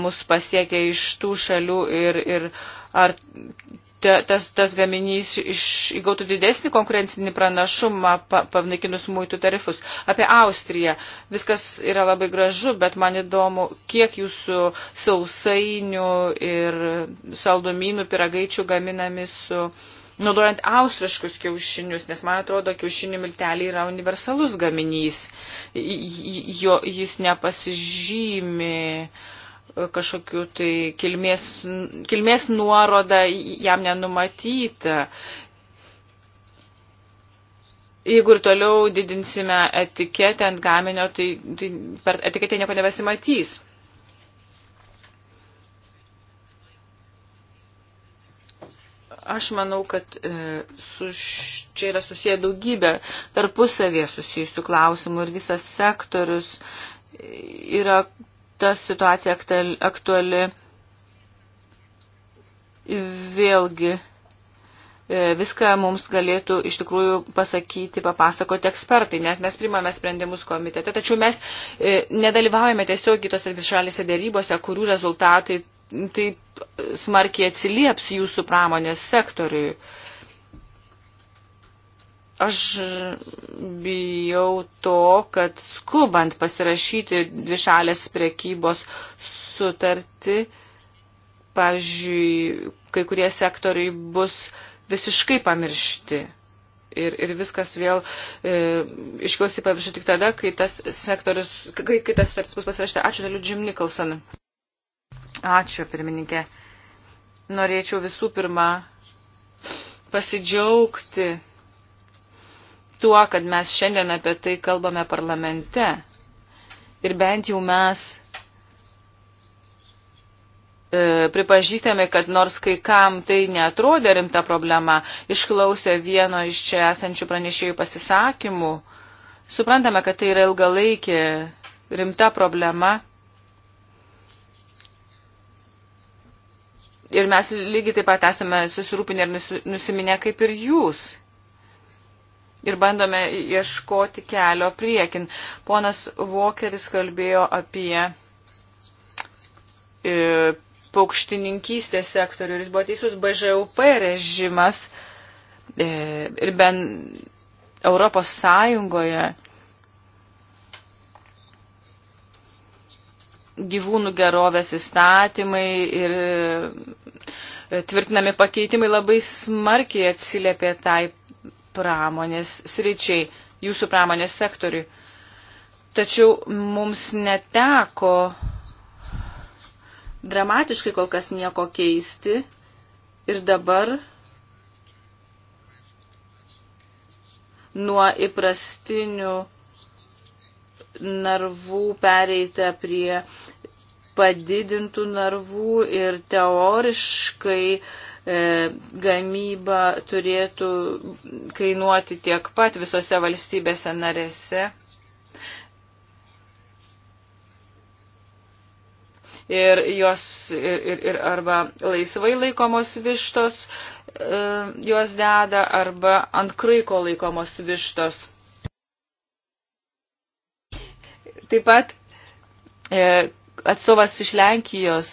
mus pasiekia iš tų šalių ir, ir ar te, tas, tas gaminys iš, įgautų didesnį konkurencinį pranašumą pa, panaikinus muitų tarifus. Apie Austriją. Viskas yra labai gražu, bet man įdomu, kiek jūsų sausainių ir saldumynų piragaičių gaminami su naudojant austriškus kiaušinius, nes man atrodo, kiaušinių milteliai yra universalus gaminys. Jo, jis nepasižymi kažkokiu tai kilmės, kilmės nuoroda jam nenumatyta. Jeigu ir toliau didinsime etiketę ant gaminio, tai, tai per etiketę nieko nebesimatys. Aš manau, kad e, su, čia yra susiję daugybė tarpusavėje susijusių klausimų ir visas sektorius yra ta situacija aktuali. Vėlgi, e, viską mums galėtų iš tikrųjų pasakyti, papasakoti ekspertai, nes mes primame sprendimus komitete, tačiau mes e, nedalyvaujame tiesiog kitose dvišalėse dėrybose, kurių rezultatai taip smarkiai atsilieps jūsų pramonės sektoriui. Aš bijau to, kad skubant pasirašyti dvišalės prekybos sutartį, pavyzdžiui, kai kurie sektoriai bus visiškai pamiršti. Ir, ir viskas vėl e, iškils į paviršį tik tada, kai tas sektorius, kai, kai tas sutartis bus pasirašyta. Ačiū, Daliu Jim Nicholson. Ačiū, pirmininkė norėčiau visų pirma pasidžiaugti tuo, kad mes šiandien apie tai kalbame parlamente. Ir bent jau mes e, pripažįstame, kad nors kai kam tai netrodė rimta problema, išklausę vieno iš čia esančių pranešėjų pasisakymų, suprantame, kad tai yra ilgalaikė rimta problema Ir mes lygiai taip pat esame susirūpinę ir nusiminę kaip ir jūs. Ir bandome ieškoti kelio priekin. Ponas Vokeris kalbėjo apie e, paukštininkystės sektorių. Jis buvo teisus BŽUP režimas e, ir ben Europos Sąjungoje gyvūnų gerovės įstatymai ir e, tvirtinami pakeitimai labai smarkiai atsiliepė tai pramonės sričiai, jūsų pramonės sektoriui. Tačiau mums neteko dramatiškai kol kas nieko keisti ir dabar nuo įprastinių narvų pereita prie padidintų narvų ir teoriškai e, gamyba turėtų kainuoti tiek pat visose valstybėse narėse. Ir jos ir, ir, ir arba laisvai laikomos vištos, e, jos deda, arba ant kraiko laikomos vištos Taip pat e, atstovas iš Lenkijos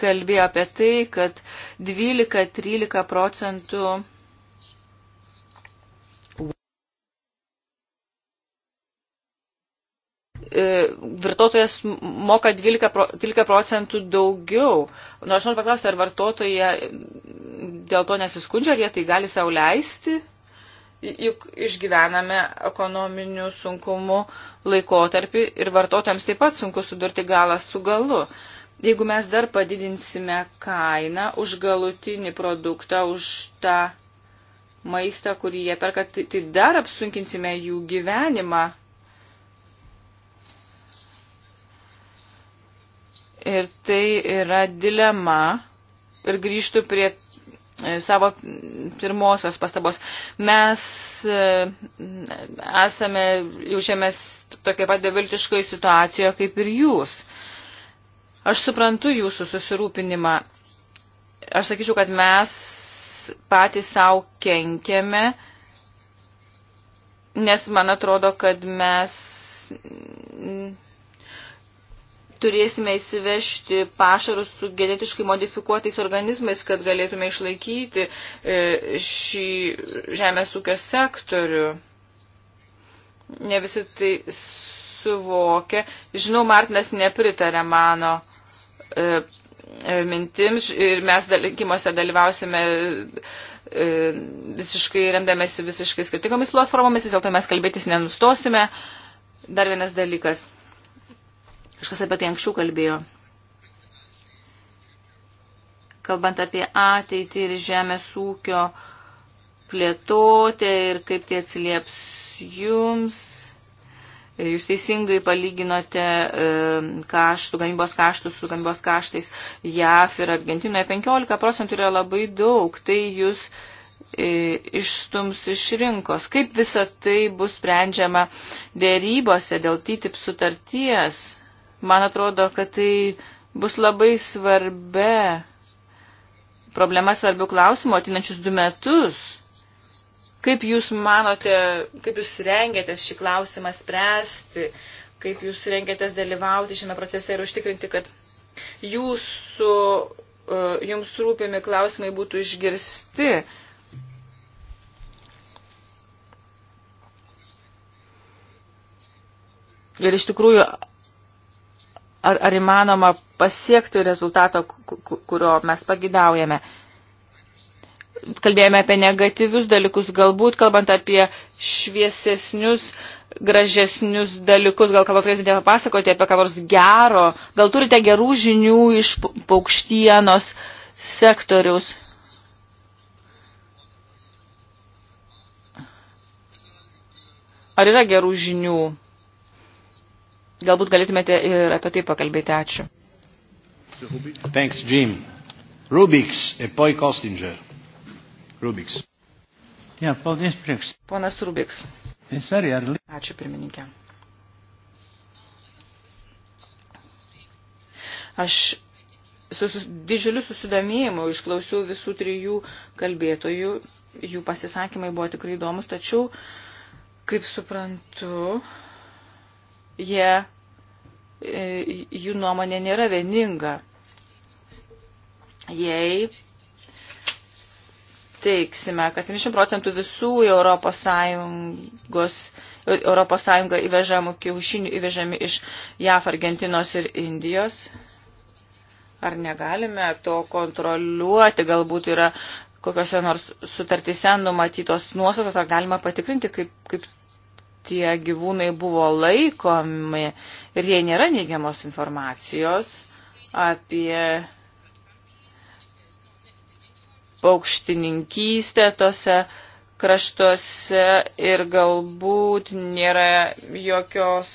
kalbėjo apie tai, kad 12-13 procentų e, vartotojas moka 12, 12 procentų daugiau. Nu, aš noriu paklausti, ar vartotojai dėl to nesiskundžia, ar jie tai gali sau leisti? juk išgyvename ekonominių sunkumų laikotarpį ir vartotojams taip pat sunku sudurti galą su galu. Jeigu mes dar padidinsime kainą už galutinį produktą, už tą maistą, kurį jie perka, tai, tai dar apsunkinsime jų gyvenimą. Ir tai yra dilema. Ir grįžtų prie E, savo pirmosios pastabos. Mes e, esame jaučiamės tokia pat beviltiškoje situacijoje kaip ir jūs. Aš suprantu jūsų susirūpinimą. Aš sakyčiau, kad mes patys savo kenkiame, nes man atrodo, kad mes turėsime įsivežti pašarus su genetiškai modifikuotais organizmais, kad galėtume išlaikyti e, šį žemės ūkio sektorių. Ne visi tai suvokia. Žinau, Martinas nepritarė mano e, e, mintims ir mes rinkimuose dalyvausime visiškai remdamėsi visiškai skirtingomis platformomis, vis dėlto mes kalbėtis nenustosime. Dar vienas dalykas – Kažkas apie tai anksčiau kalbėjo. Kalbant apie ateitį ir žemės ūkio plėtotę ir kaip tai atsilieps jums. Jūs teisingai palyginote e, kaštų, gamybos kaštus su gamybos kaštais JAF ir Argentinoje. 15 procentų yra labai daug. Tai jūs e, išstums iš rinkos. Kaip visa tai bus sprendžiama dėrybose dėl TTIP sutarties? Man atrodo, kad tai bus labai svarbi problema svarbių klausimų atinančius du metus. Kaip jūs manote, kaip jūs rengiatės šį klausimą spręsti, kaip jūs rengiatės dalyvauti šiame procese ir užtikrinti, kad jūsų, e, jums rūpimi klausimai būtų išgirsti. Ir iš tikrųjų ar, ar įmanoma pasiekti rezultato, kurio mes pagidaujame. Kalbėjome apie negatyvius dalykus, galbūt kalbant apie šviesesnius, gražesnius dalykus, gal ką nors galėtumėte papasakoti apie ką nors gero, gal turite gerų žinių iš paukštienos sektoriaus. Ar yra gerų žinių? Galbūt galėtumėte ir apie tai pakalbėti. Ačiū. Thanks, Jim. Rubiks ir e poi Kostinger. Rubiks. Ja, paldies, prieks. Ponas Rubiks. Eh, Ačiū, pirmininkė. Aš su didžiuliu susidomėjimu išklausiau visų trijų kalbėtojų, jų pasisakymai buvo tikrai įdomus, tačiau, kaip suprantu, jie E, jų nuomonė nėra vieninga. Jei teiksime, kad 70 procentų visų Europos Sąjungos Europos Sąjunga įvežamų kiaušinių įvežami iš JAF, Argentinos ir Indijos. Ar negalime to kontroliuoti, galbūt yra kokiuose nors sutartise numatytos nuostatos, ar galima patikrinti, kaip, kaip tie gyvūnai buvo laikomi ir jei nėra neigiamos informacijos apie paukštininkystę tose kraštuose ir galbūt nėra jokios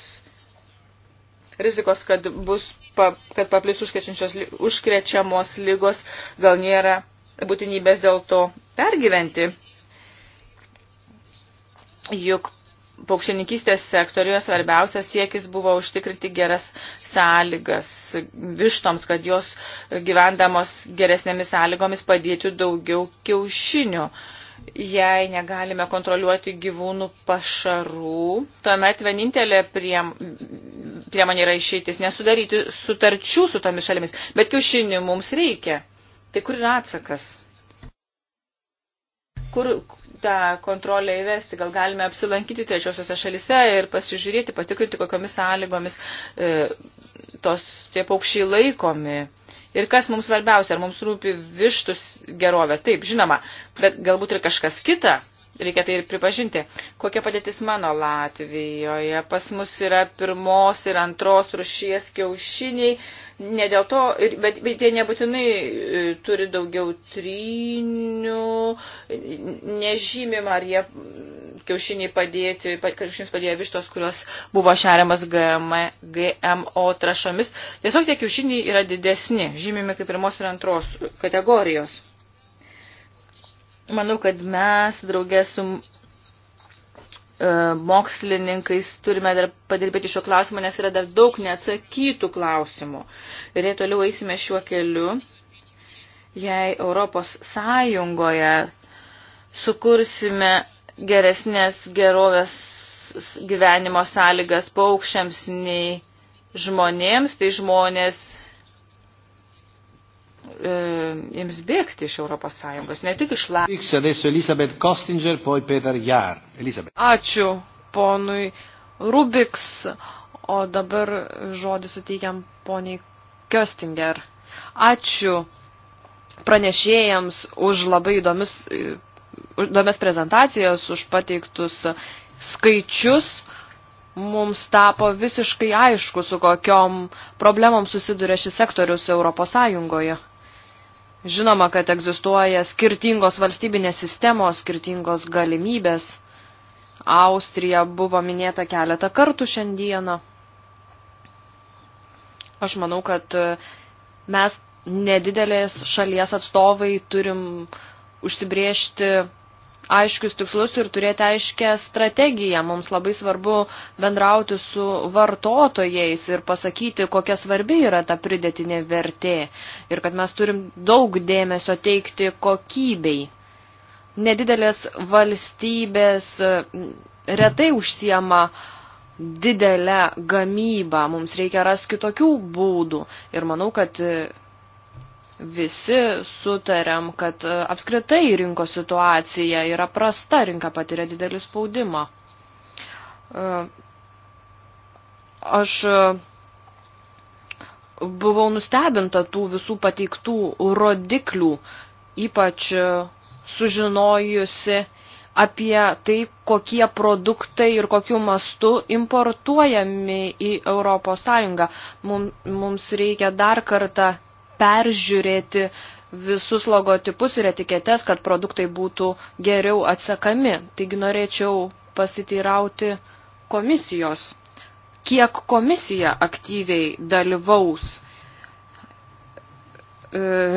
rizikos, kad bus pa, kad paplis užkrečiamos lygos, gal nėra būtinybės dėl to pergyventi. Juk paukšininkystės sektoriuje svarbiausias siekis buvo užtikrinti geras sąlygas vištoms, kad jos gyvendamos geresnėmis sąlygomis padėtų daugiau kiaušinių. Jei negalime kontroliuoti gyvūnų pašarų, tuomet vienintelė priem, priemonė yra išeitis nesudaryti sutarčių su tomis šalimis, bet kiaušinių mums reikia. Tai kur yra atsakas? Kur, tą kontrolę įvesti, gal galime apsilankyti trečiosiuose šalise ir pasižiūrėti, patikrinti, kokiamis sąlygomis e, tos tie paukščiai laikomi. Ir kas mums svarbiausia, ar mums rūpi vištus gerovė, taip, žinoma, bet galbūt ir kažkas kita, Reikia tai ir pripažinti. Kokia padėtis mano Latvijoje? Pas mus yra pirmos ir antros rušies kiaušiniai. Ne dėl to, bet, bet jie nebūtinai e, turi daugiau trynių. Nežymim, ar jie mm, kiaušiniai padėti, kiaušinis padėjo vištos, kurios buvo šeriamas GM, GMO trašomis. Tiesiog tie kiaušiniai yra didesni, žymimi kaip pirmos ir antros kategorijos. Manau, kad mes draugės su e, mokslininkais turime dar padirbėti šio klausimo, nes yra dar daug neatsakytų klausimų. Ir jei toliau eisime šiuo keliu, jei Europos Sąjungoje sukursime geresnės gerovės gyvenimo sąlygas paukščiams nei žmonėms, tai žmonės E, jiems bėgti iš Europos Sąjungos, ne tik iš Latvijos. Ačiū ponui Rubiks, o dabar žodį suteikiam poniai Köstinger. Ačiū pranešėjams už labai įdomius, įdomias prezentacijas, už pateiktus skaičius. Mums tapo visiškai aišku, su kokiom problemom susiduria šis sektorius Europos Sąjungoje. Žinoma, kad egzistuoja skirtingos valstybinės sistemos, skirtingos galimybės. Austrija buvo minėta keletą kartų šiandieną. Aš manau, kad e, mes nedidelės šalies atstovai turim užsibriežti aiškius tikslus ir turėti aiškę strategiją. Mums labai svarbu bendrauti su vartotojais ir pasakyti, kokia svarbi yra ta pridėtinė vertė ir kad mes turim daug dėmesio teikti kokybei. Nedidelės valstybės retai užsiema didelę gamybą, mums reikia rasti kitokių būdų ir manau, kad visi sutariam, kad e, apskritai rinkos situacija yra prasta, rinka patiria didelį spaudimą. E, aš e, buvau nustebinta tų visų pateiktų rodiklių, ypač sužinojusi apie tai, kokie produktai ir kokiu mastu importuojami į Europos Sąjungą. Mums reikia dar kartą peržiūrėti visus logotipus ir etiketes, kad produktai būtų geriau atsakami. Taigi norėčiau pasiteirauti komisijos, kiek komisija aktyviai dalyvaus e,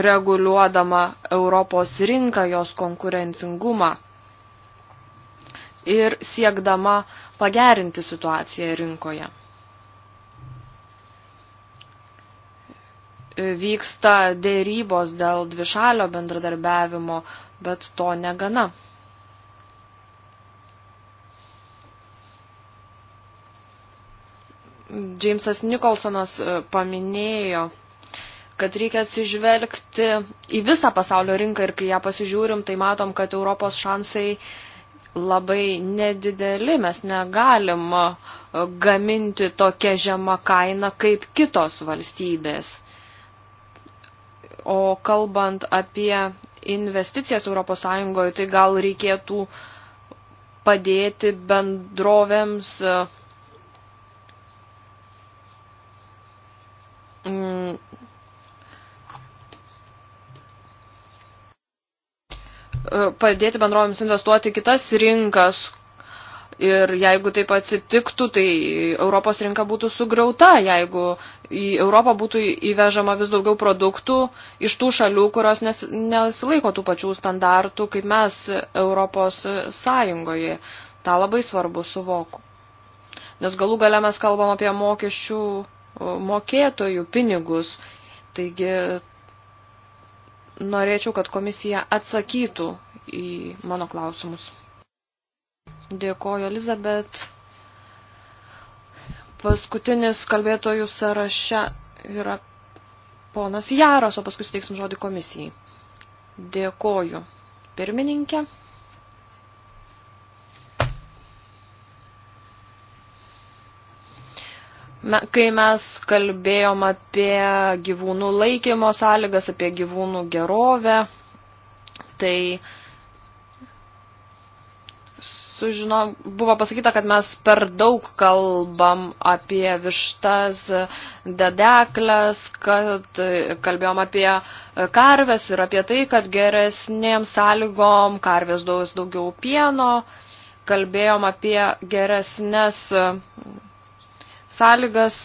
reguliuodama Europos rinką, jos konkurencingumą ir siekdama pagerinti situaciją rinkoje. vyksta dėrybos dėl dvišalio bendradarbiavimo, bet to negana. Džeimsas Nikolsonas e, paminėjo, kad reikia atsižvelgti į visą pasaulio rinką ir kai ją pasižiūrim, tai matom, kad Europos šansai labai nedideli, mes negalim e, gaminti tokią žemą kainą kaip kitos valstybės. O kalbant apie investicijas ES, tai gal reikėtų padėti bendrovėms mm, padėti bendrovėms investuoti kitas rinkas, Ir jeigu taip atsitiktų, tai Europos rinka būtų sugrauta, jeigu į Europą būtų įvežama vis daugiau produktų iš tų šalių, kurios nes, nesilaiko tų pačių standartų, kaip mes Europos Sąjungoje. Ta labai svarbu suvoku. Nes galų gale mes kalbam apie mokesčių mokėtojų pinigus. Taigi norėčiau, kad komisija atsakytų į mano klausimus. Dėkoju, Elizabet. Paskutinis kalbėtojų sąraše yra ponas Jaras, o paskui suteiksim žodį komisijai. Dėkoju, pirmininkė. Me, kai mes kalbėjom apie gyvūnų laikymo sąlygas, apie gyvūnų gerovę, tai uh, sužino, buvo pasakyta, kad mes per daug kalbam apie vištas, dedeklės, kad kalbėjom apie karves ir apie tai, kad geresnėms sąlygom karvės daus daugiau pieno, kalbėjom apie geresnės sąlygas,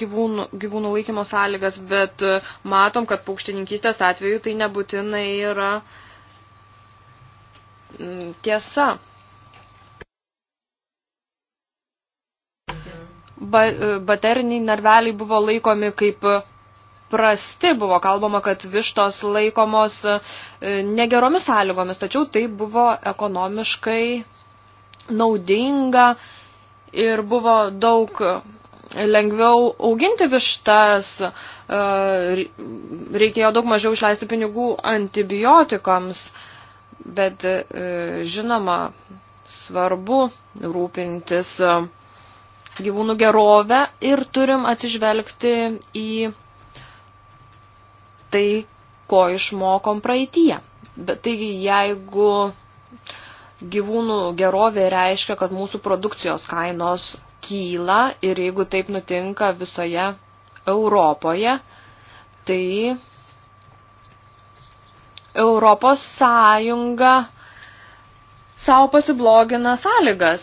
gyvūnų, gyvūnų laikymo sąlygas, bet matom, kad paukštininkystės atveju tai nebūtinai yra tiesa. bateriniai narveliai buvo laikomi kaip prasti, buvo kalbama, kad vištos laikomos e, negeromis sąlygomis, tačiau tai buvo ekonomiškai naudinga ir buvo daug lengviau auginti vištas, e, reikėjo daug mažiau išleisti pinigų antibiotikams, bet e, žinoma, svarbu rūpintis gyvūnų gerovę ir turim atsižvelgti į tai, ko išmokom praeitie. Bet taigi, jeigu gyvūnų gerovė reiškia, kad mūsų produkcijos kainos kyla ir jeigu taip nutinka visoje Europoje, tai Europos Sąjunga savo pasiblogina sąlygas.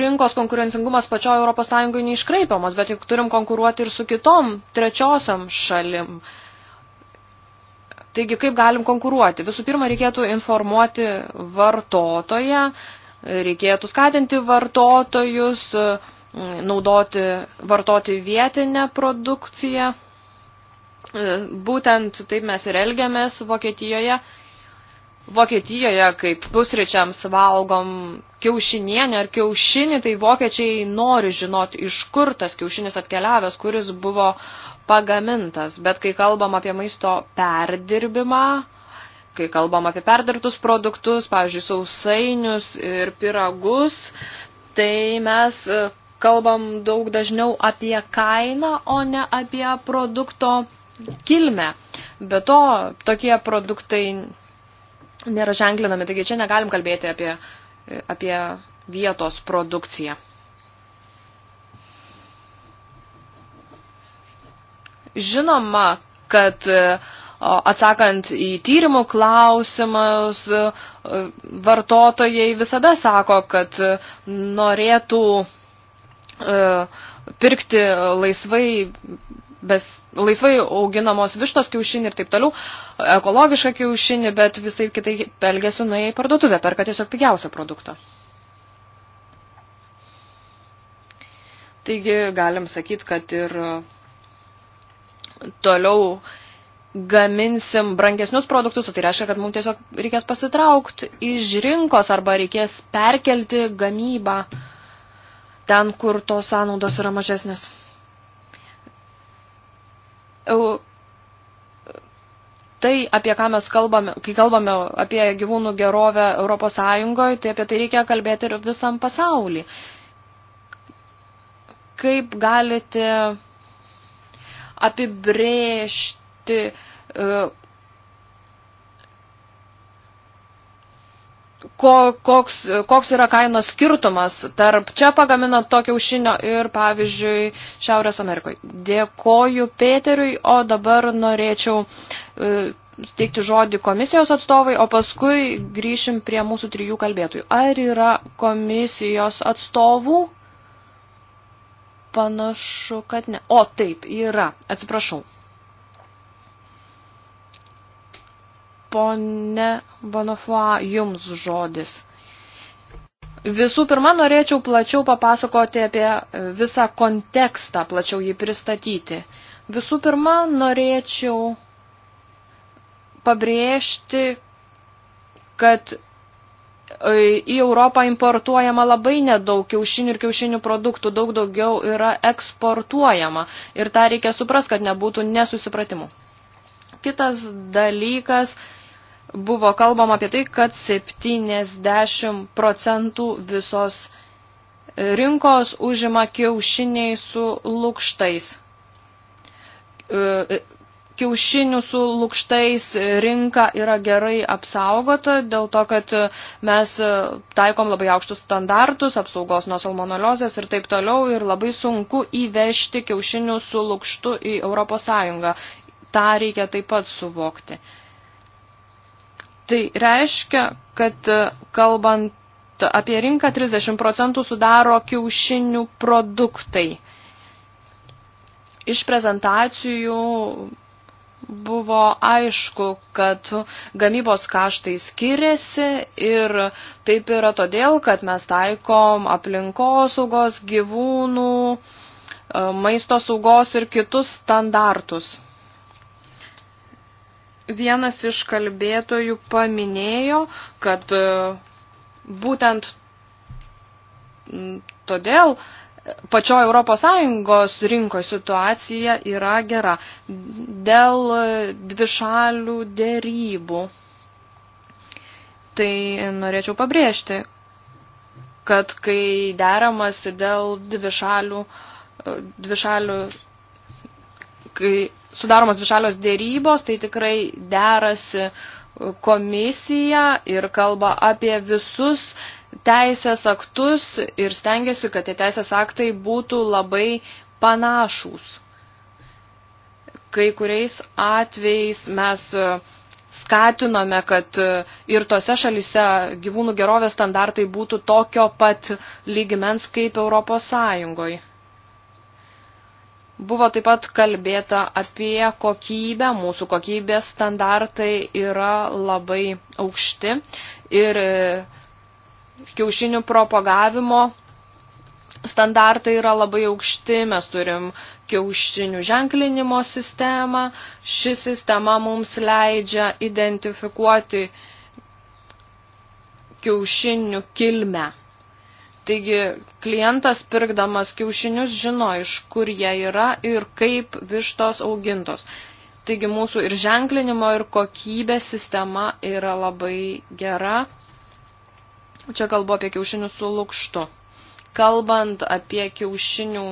Rinkos konkurencingumas pačioje ES neiškraipiamas, bet juk turim konkuruoti ir su kitom trečiosiam šalim. Taigi, kaip galim konkuruoti? Visų pirma, reikėtų informuoti vartotoje, reikėtų skatinti vartotojus, naudoti, vartoti vietinę produkciją. Būtent taip mes ir elgiamės Vokietijoje Vokietijoje, kaip pusryčiams valgom kiaušinienę ar kiaušinį, tai vokiečiai nori žinoti, iš kur tas kiaušinis atkeliavęs, kuris buvo pagamintas. Bet kai kalbam apie maisto perdirbimą, kai kalbam apie perdirbtus produktus, pavyzdžiui, sausainius ir piragus, tai mes e, kalbam daug dažniau apie kainą, o ne apie produkto kilmę. Be to, tokie produktai nėra ženklinami. Taigi čia negalim kalbėti apie, apie vietos produkciją. Žinoma, kad e, atsakant į tyrimų klausimus, e, vartotojai visada sako, kad norėtų e, pirkti laisvai bes, laisvai auginamos vištos kiaušinį ir taip toliau, ekologišką kiaušinį, bet visai kitai pelgėsiu nuėję į parduotuvę, perka tiesiog pigiausią produktą. Taigi galim sakyti, kad ir toliau gaminsim brangesnius produktus, o tai reiškia, kad mums tiesiog reikės pasitraukti iš rinkos arba reikės perkelti gamybą ten, kur tos sąnaudos yra mažesnės tai, apie ką mes kalbame, kai kalbame apie gyvūnų gerovę Europos Sąjungoje, tai apie tai reikia kalbėti ir visam pasaulį. Kaip galite apibrėžti e, ko, koks, koks yra kainos skirtumas tarp čia pagamino to kiaušinio ir, pavyzdžiui, Šiaurės Amerikoje. Dėkoju Peteriui, o dabar norėčiau e, teikti žodį komisijos atstovai, o paskui grįšim prie mūsų trijų kalbėtojų. Ar yra komisijos atstovų? Panašu, kad ne. O, taip, yra. Atsiprašau. Pone Bonofua, jums žodis. Visų pirma, norėčiau plačiau papasakoti apie visą kontekstą, plačiau jį pristatyti. Visų pirma, norėčiau pabrėžti, kad e, į Europą importuojama labai nedaug kiaušinių ir kiaušinių produktų, daug daugiau yra eksportuojama. Ir tą reikia supras, kad nebūtų nesusipratimų. Kitas dalykas – buvo kalbama apie tai, kad 70 procentų visos rinkos užima kiaušiniai su lūkštais. E, e, kiaušinių su lūkštais rinka yra gerai apsaugota dėl to, kad mes taikom labai aukštus standartus, apsaugos nuo salmonoliozės ir taip toliau ir labai sunku įvežti kiaušinių su lūkštu į Europos Sąjungą. Ta reikia taip pat suvokti. Uh, Tai reiškia, kad e, kalbant apie rinką 30 procentų sudaro kiaušinių produktai. Iš prezentacijų buvo aišku, kad gamybos kaštai skiriasi ir taip yra todėl, kad mes taikom aplinkosaugos, gyvūnų, e, maisto saugos ir kitus standartus vienas iš kalbėtojų paminėjo, kad e, būtent todėl pačio ES rinkoje situacija yra gera dėl e, dvišalių dėrybų. Tai norėčiau pabrėžti, kad kai deramasi dėl dvišalių, e, dvišalių kai sudaromos dvišalios dėrybos, tai tikrai derasi komisija ir kalba apie visus teisės aktus ir stengiasi, kad tie teisės aktai būtų labai panašūs. Kai kuriais atvejais mes skatinome, kad ir tose šalise gyvūnų gerovės standartai būtų tokio pat lygmens kaip Europos Sąjungoje. Buvo taip pat kalbėta apie kokybę, mūsų kokybės standartai yra labai aukšti ir e, kiaušinių propagavimo standartai yra labai aukšti, mes turim kiaušinių ženklinimo sistemą, ši sistema mums leidžia identifikuoti kiaušinių kilmę. Taigi klientas pirkdamas kiaušinius žino, iš kur jie yra ir kaip vištos augintos. Taigi mūsų ir ženklinimo, ir kokybės sistema yra labai gera. Čia kalbu apie kiaušinius su lukštu. Kalbant apie kiaušinių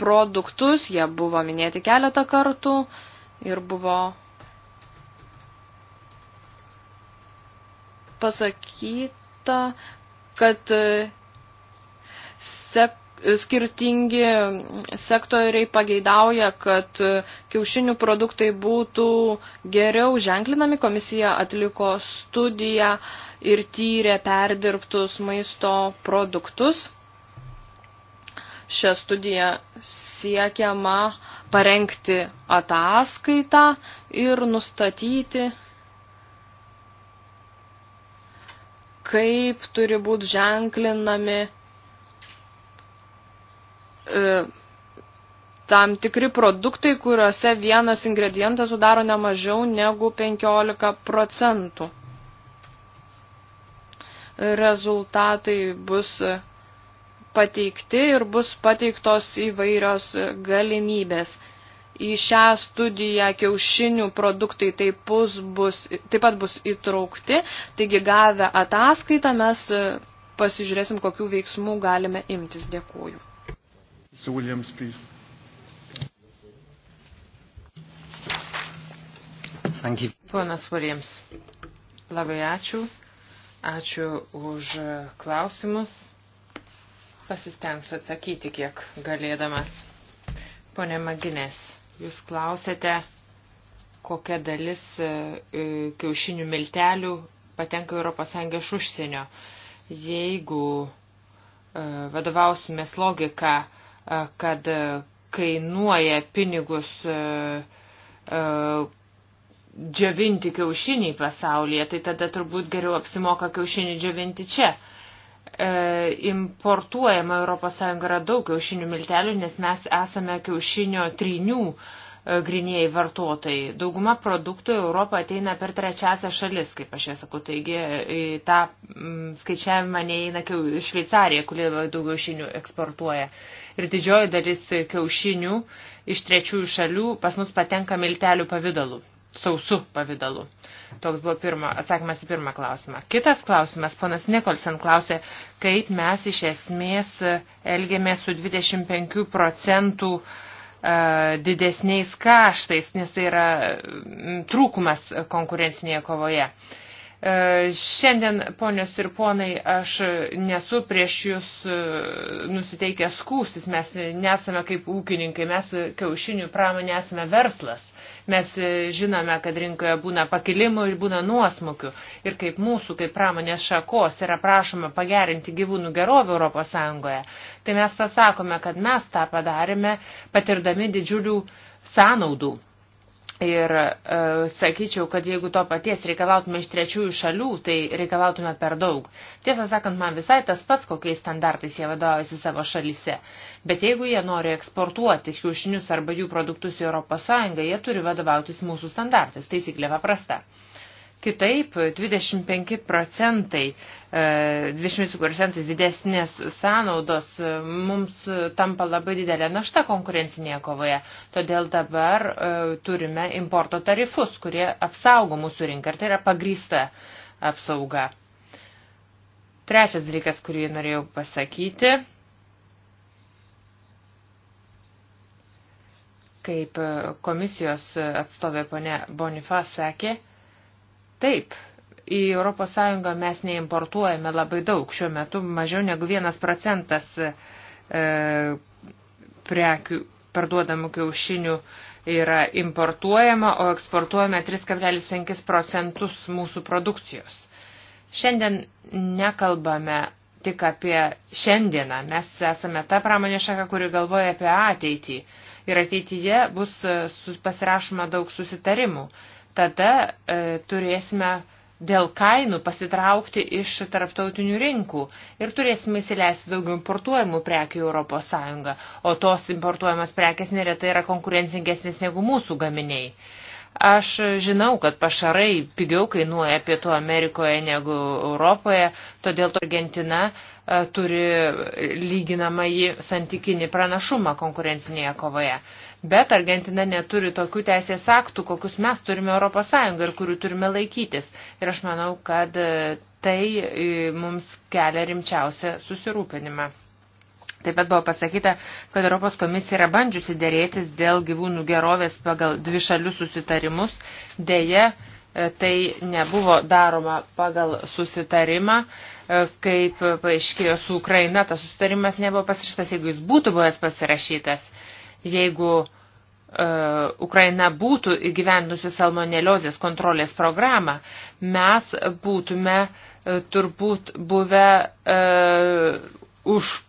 produktus, jie buvo minėti keletą kartų ir buvo pasakyta, kad sek, skirtingi sektoriai pageidauja, kad kiaušinių produktai būtų geriau ženklinami. Komisija atliko studiją ir tyrė perdirbtus maisto produktus. Šią studiją siekiama parengti ataskaitą ir nustatyti kaip turi būti ženklinami E, tam tikri produktai, kuriuose vienas ingredientas sudaro ne mažiau negu 15 procentų. Rezultatai bus pateikti ir bus pateiktos įvairios galimybės. Į šią studiją kiaušinių produktai taip, bus, taip pat bus įtraukti, taigi gavę ataskaitą mes pasižiūrėsim, kokių veiksmų galime imtis. Dėkuoju. Mr. Williams, please. Thank you. Ponas Williams, labai ačiū. Ačiū už klausimus. Pasistengsiu atsakyti, kiek galėdamas. Pone Maginės, jūs klausėte, kokia dalis e, e, kiaušinių miltelių patenka ES iš užsienio. Jeigu e, vadovausimės logiką, kad kainuoja pinigus e, e, džiavinti kiaušinį pasaulyje, tai tada turbūt geriau apsimoka kiaušinį džiavinti čia. E, importuojama ES yra daug kiaušinių miltelių, nes mes esame kiaušinio trinių uh, E, grinėjai vartotojai. Dauguma produktų Europą ateina per trečiasią šalis, kaip aš jau sakau. Taigi e, į tą mm, skaičiavimą neįeina Šveicarija, kurie daugiau šinių eksportuoja. Ir didžioji dalis kiaušinių iš trečiųjų šalių pas mus patenka miltelių pavydalu, sausu pavydalu. Toks buvo pirma, atsakymas į pirmą klausimą. Kitas klausimas, ponas Nikolsen klausė, kaip mes iš esmės e, elgėmės su 25 procentų uh, E, didesniais kaštais, nes tai yra trūkumas konkurencinėje kovoje. E, šiandien, ponios ir ponai, aš nesu prieš jūs e, nusiteikęs skūstis, mes nesame kaip ūkininkai, mes kiaušinių pramonė esame verslas. Mes e, žinome, kad rinkoje būna pakilimų ir būna nuosmukių. Ir kaip mūsų, kaip pramonės šakos yra prašoma pagerinti gyvūnų gerovę Europos Sąjungoje, tai mes pasakome, kad mes tą padarėme patirdami didžiulių sąnaudų. Ir e, sakyčiau, kad jeigu to paties reikalautume iš trečiųjų šalių, tai reikalautume per daug. Tiesą sakant, man visai tas pats, kokiais standartais jie vadovaujasi savo šalyse. Bet jeigu jie nori eksportuoti kiaušinius arba jų produktus į ES, jie turi vadovautis mūsų standartais. Taisyklė paprasta. Kitaip 25 procentai, 25 e, procentai didesnės sąnaudos e, mums tampa labai didelė našta konkurencinėje kovoje. Todėl dabar e, turime importo tarifus, kurie apsaugo mūsų rinką. Ir tai yra pagrįsta apsauga. Trečias dalykas, kurį norėjau pasakyti. Kaip komisijos atstovė ponė Bonifa sakė, Taip, į ES mes neimportuojame labai daug, šiuo metu mažiau negu vienas procentas e, prekių parduodamų kiaušinių yra importuojama, o eksportuojame 3,5 procentus mūsų produkcijos. Šiandien nekalbame tik apie šiandieną, mes esame ta pramonė šaka, kuri galvoja apie ateitį ir ateityje bus e, pasirašoma daug susitarimų. Tada e, turėsime dėl kainų pasitraukti iš tarptautinių rinkų ir turėsime įsileisti daugiau importuojamų prekių Europos Sąjungą, o tos importuojamas prekes neretai yra konkurencingesnės negu mūsų gaminiai. Aš žinau, kad pašarai pigiau kainuoja Pietų Amerikoje negu Europoje, todėl Argentina e, turi lyginamąjį santykinį pranašumą konkurencinėje kovoje. Bet Argentina neturi tokių teisės aktų, kokius mes turime ES ir kurių turime laikytis. Ir aš manau, kad e, tai e, mums kelia rimčiausią susirūpinimą. Taip pat buvo pasakyta, kad Europos komisija yra bandžiusi dėrėtis dėl gyvūnų gerovės pagal dvi šalių susitarimus. Deja, e, tai nebuvo daroma pagal susitarimą, e, kaip paaiškėjo su Ukraina, tas susitarimas nebuvo pasirašytas, jeigu jis būtų buvęs pasirašytas, jeigu uh, Ukraina būtų įgyvendusi salmoneliozės kontrolės programą, mes būtume uh, turbūt buvę uh, už,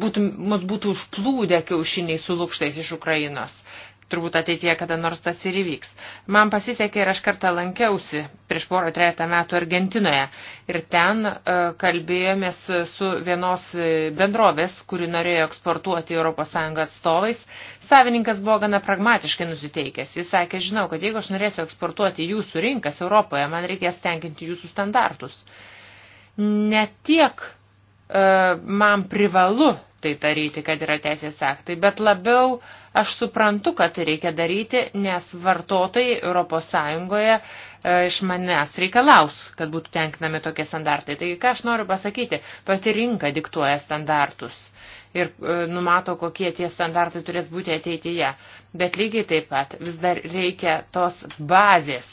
būtų, mus būtų užplūdę kiaušiniai su lūkštais iš Ukrainos. Turbūt ateitie kada nors tas ir įvyks. Man pasisekė ir aš kartą lankiausi prieš porą trejata metų Argentinoje. Ir ten uh, kalbėjomės su vienos bendrovės, kuri norėjo eksportuoti ES atstovais. Savininkas buvo gana pragmatiškai nusiteikęs. Jis sakė, žinau, kad jeigu aš norėsiu eksportuoti jūsų rinkas Europoje, man reikės tenkinti jūsų standartus. Ne tiek E, man privalu tai daryti, kad yra teisės aktai, bet labiau aš suprantu, kad tai reikia daryti, nes vartotojai ES e, iš manęs reikalaus, kad būtų tenkinami tokie standartai. Taigi, ką aš noriu pasakyti, pati rinka diktuoja standartus ir e, numato, kokie tie standartai turės būti ateityje. Bet lygiai taip pat vis dar reikia tos bazės.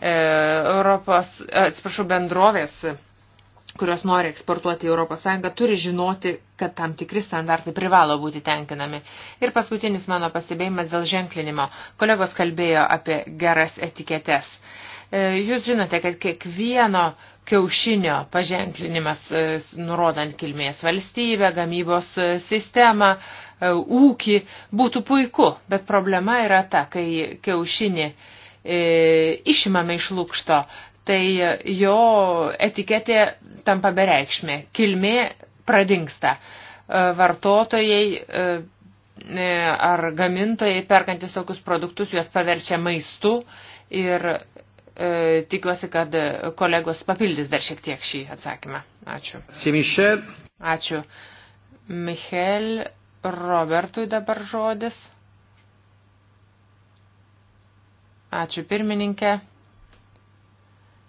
Europos, atsiprašau, bendrovės kurios nori eksportuoti į ES, turi žinoti, kad tam tikri standartai privalo būti tenkinami. Ir paskutinis mano pastebėjimas dėl ženklinimo. Kolegos kalbėjo apie geras etiketes. E, jūs žinote, kad kiekvieno kiaušinio paženklinimas, e, nurodant kilmės valstybę, gamybos e, sistemą, ūkį, būtų puiku, bet problema yra ta, kai kiaušinį išimame iš lūkšto, tai jo etiketė tampa bereikšmė. Kilmė pradingsta. E, vartotojai e, e, ar gamintojai perkantis tokius produktus juos paverčia maistu ir e, tikiuosi, kad kolegos papildys dar šiek tiek šį atsakymą. Ačiū. Michel. Ačiū. Michel Robertui dabar žodis. Ačiū pirmininkė.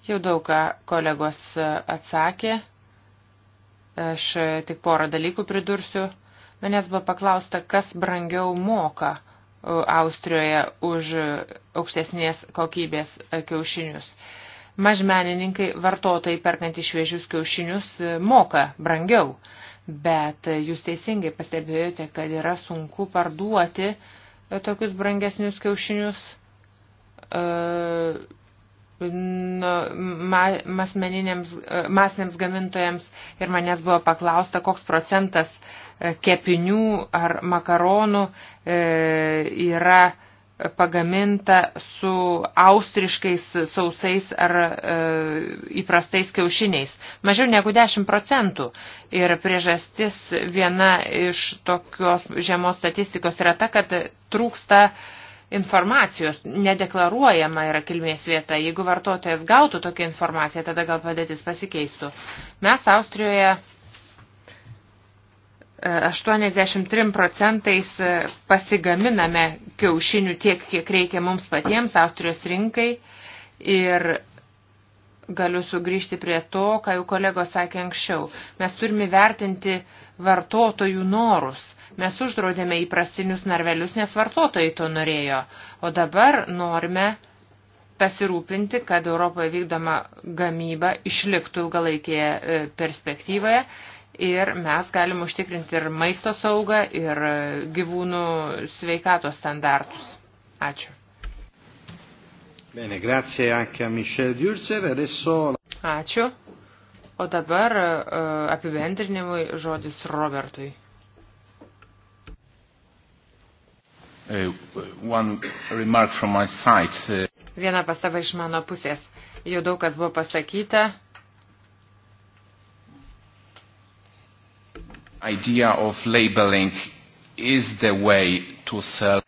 Jau daug ką kolegos atsakė. Aš tik porą dalykų pridursiu. Manęs buvo paklausta, kas brangiau moka e, Austrijoje už aukštesnės kokybės e, kiaušinius. Mažmenininkai, vartotojai perkantys šviežius kiaušinius e, moka brangiau, bet jūs teisingai pastebėjote, kad yra sunku parduoti tokius brangesnius kiaušinius. E, E, masiniams gamintojams ir manęs buvo paklausta, koks procentas e, kepinių ar makaronų e, yra pagaminta su austriškais sausais ar e, įprastais kiaušiniais. Mažiau negu 10 procentų. Ir priežastis viena iš tokios žemos statistikos yra ta, kad trūksta e, informacijos, nedeklaruojama yra kilmės vieta. Jeigu vartotojas gautų tokią informaciją, tada gal padėtis pasikeistų. Mes Austrijoje 83 e, procentais e, pasigaminame kiaušinių tiek, kiek reikia mums patiems, Austrijos rinkai. Ir galiu sugrįžti prie to, ką jau kolegos sakė anksčiau. Mes turime vertinti vartotojų norus. Mes uždraudėme įprastinius narvelius, nes vartotojai to norėjo. O dabar norime pasirūpinti, kad Europoje vykdoma gamyba išliktų ilgalaikėje e, perspektyvoje ir mes galim užtikrinti ir maisto saugą, ir e, gyvūnų sveikatos standartus. Ačiū. Bene, grazie anche a Michel Dürzer. Adesso... Ačiū. O dabar e, apibendrinimui žodis Robertui. E, e. Viena pastaba iš mano pusės. Jau daug kas buvo pasakyta. Idea of labeling is the way to sell.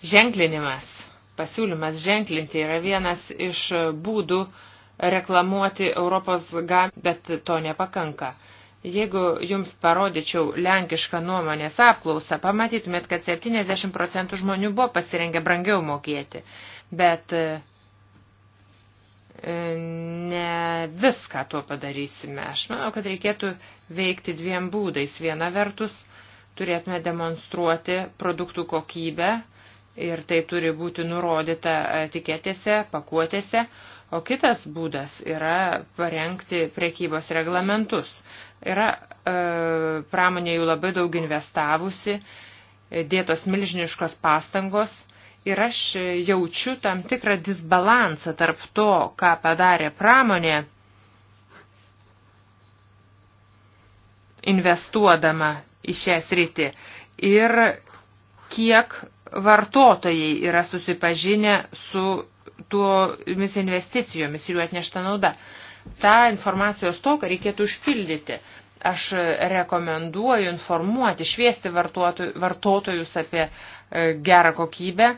Ženklinimas, pasiūlymas ženklinti yra vienas iš būdų uh, reklamuoti Europos gamą, bet to nepakanka. Jeigu jums parodyčiau lenkišką nuomonės apklausą, pamatytumėt, kad 70 procentų žmonių buvo pasirengę brangiau mokėti, bet e, ne viską tuo padarysime. Aš manau, kad reikėtų veikti dviem būdais. Viena vertus, turėtume demonstruoti produktų kokybę ir tai turi būti nurodyta etiketėse, pakuotėse, O kitas būdas yra parengti priekybos reglamentus. Yra e, pramonė jau labai daug investavusi, e, dėtos milžiniškos pastangos ir aš jaučiu tam tikrą disbalansą tarp to, ką padarė pramonė investuodama į šią sritį ir kiek vartotojai yra susipažinę su tuomis investicijomis ir jų atnešta nauda. Ta informacijos toka reikėtų užpildyti. Aš rekomenduoju informuoti, šviesti vartotojus apie e, gerą kokybę.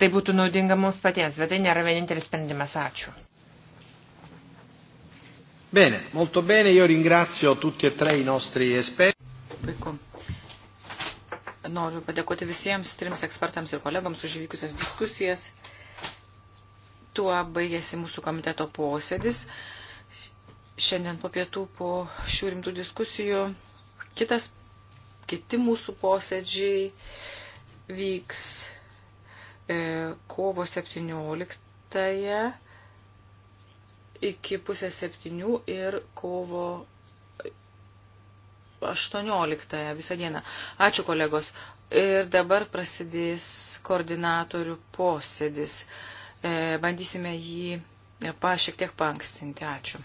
Tai būtų naudinga mums patiems, bet tai nėra vienintelis sprendimas. Ačiū. Bene, molto bene, io ringrazio tutti e tre i nostri esperti. Puiku. Noriu padėkoti visiems trims ekspertams ir kolegams už vykusias diskusijas. Tuo baigėsi mūsų komiteto posėdis. Šiandien po pietų po šių rimtų diskusijų kitas, kiti mūsų posėdžiai vyks e, kovo 17 iki pusės 7 ir kovo 18 visą dieną. Ačiū kolegos. Ir dabar prasidės koordinatorių posėdis. E, bandysime jį pa, šiek tiek pankstinti. Ačiū.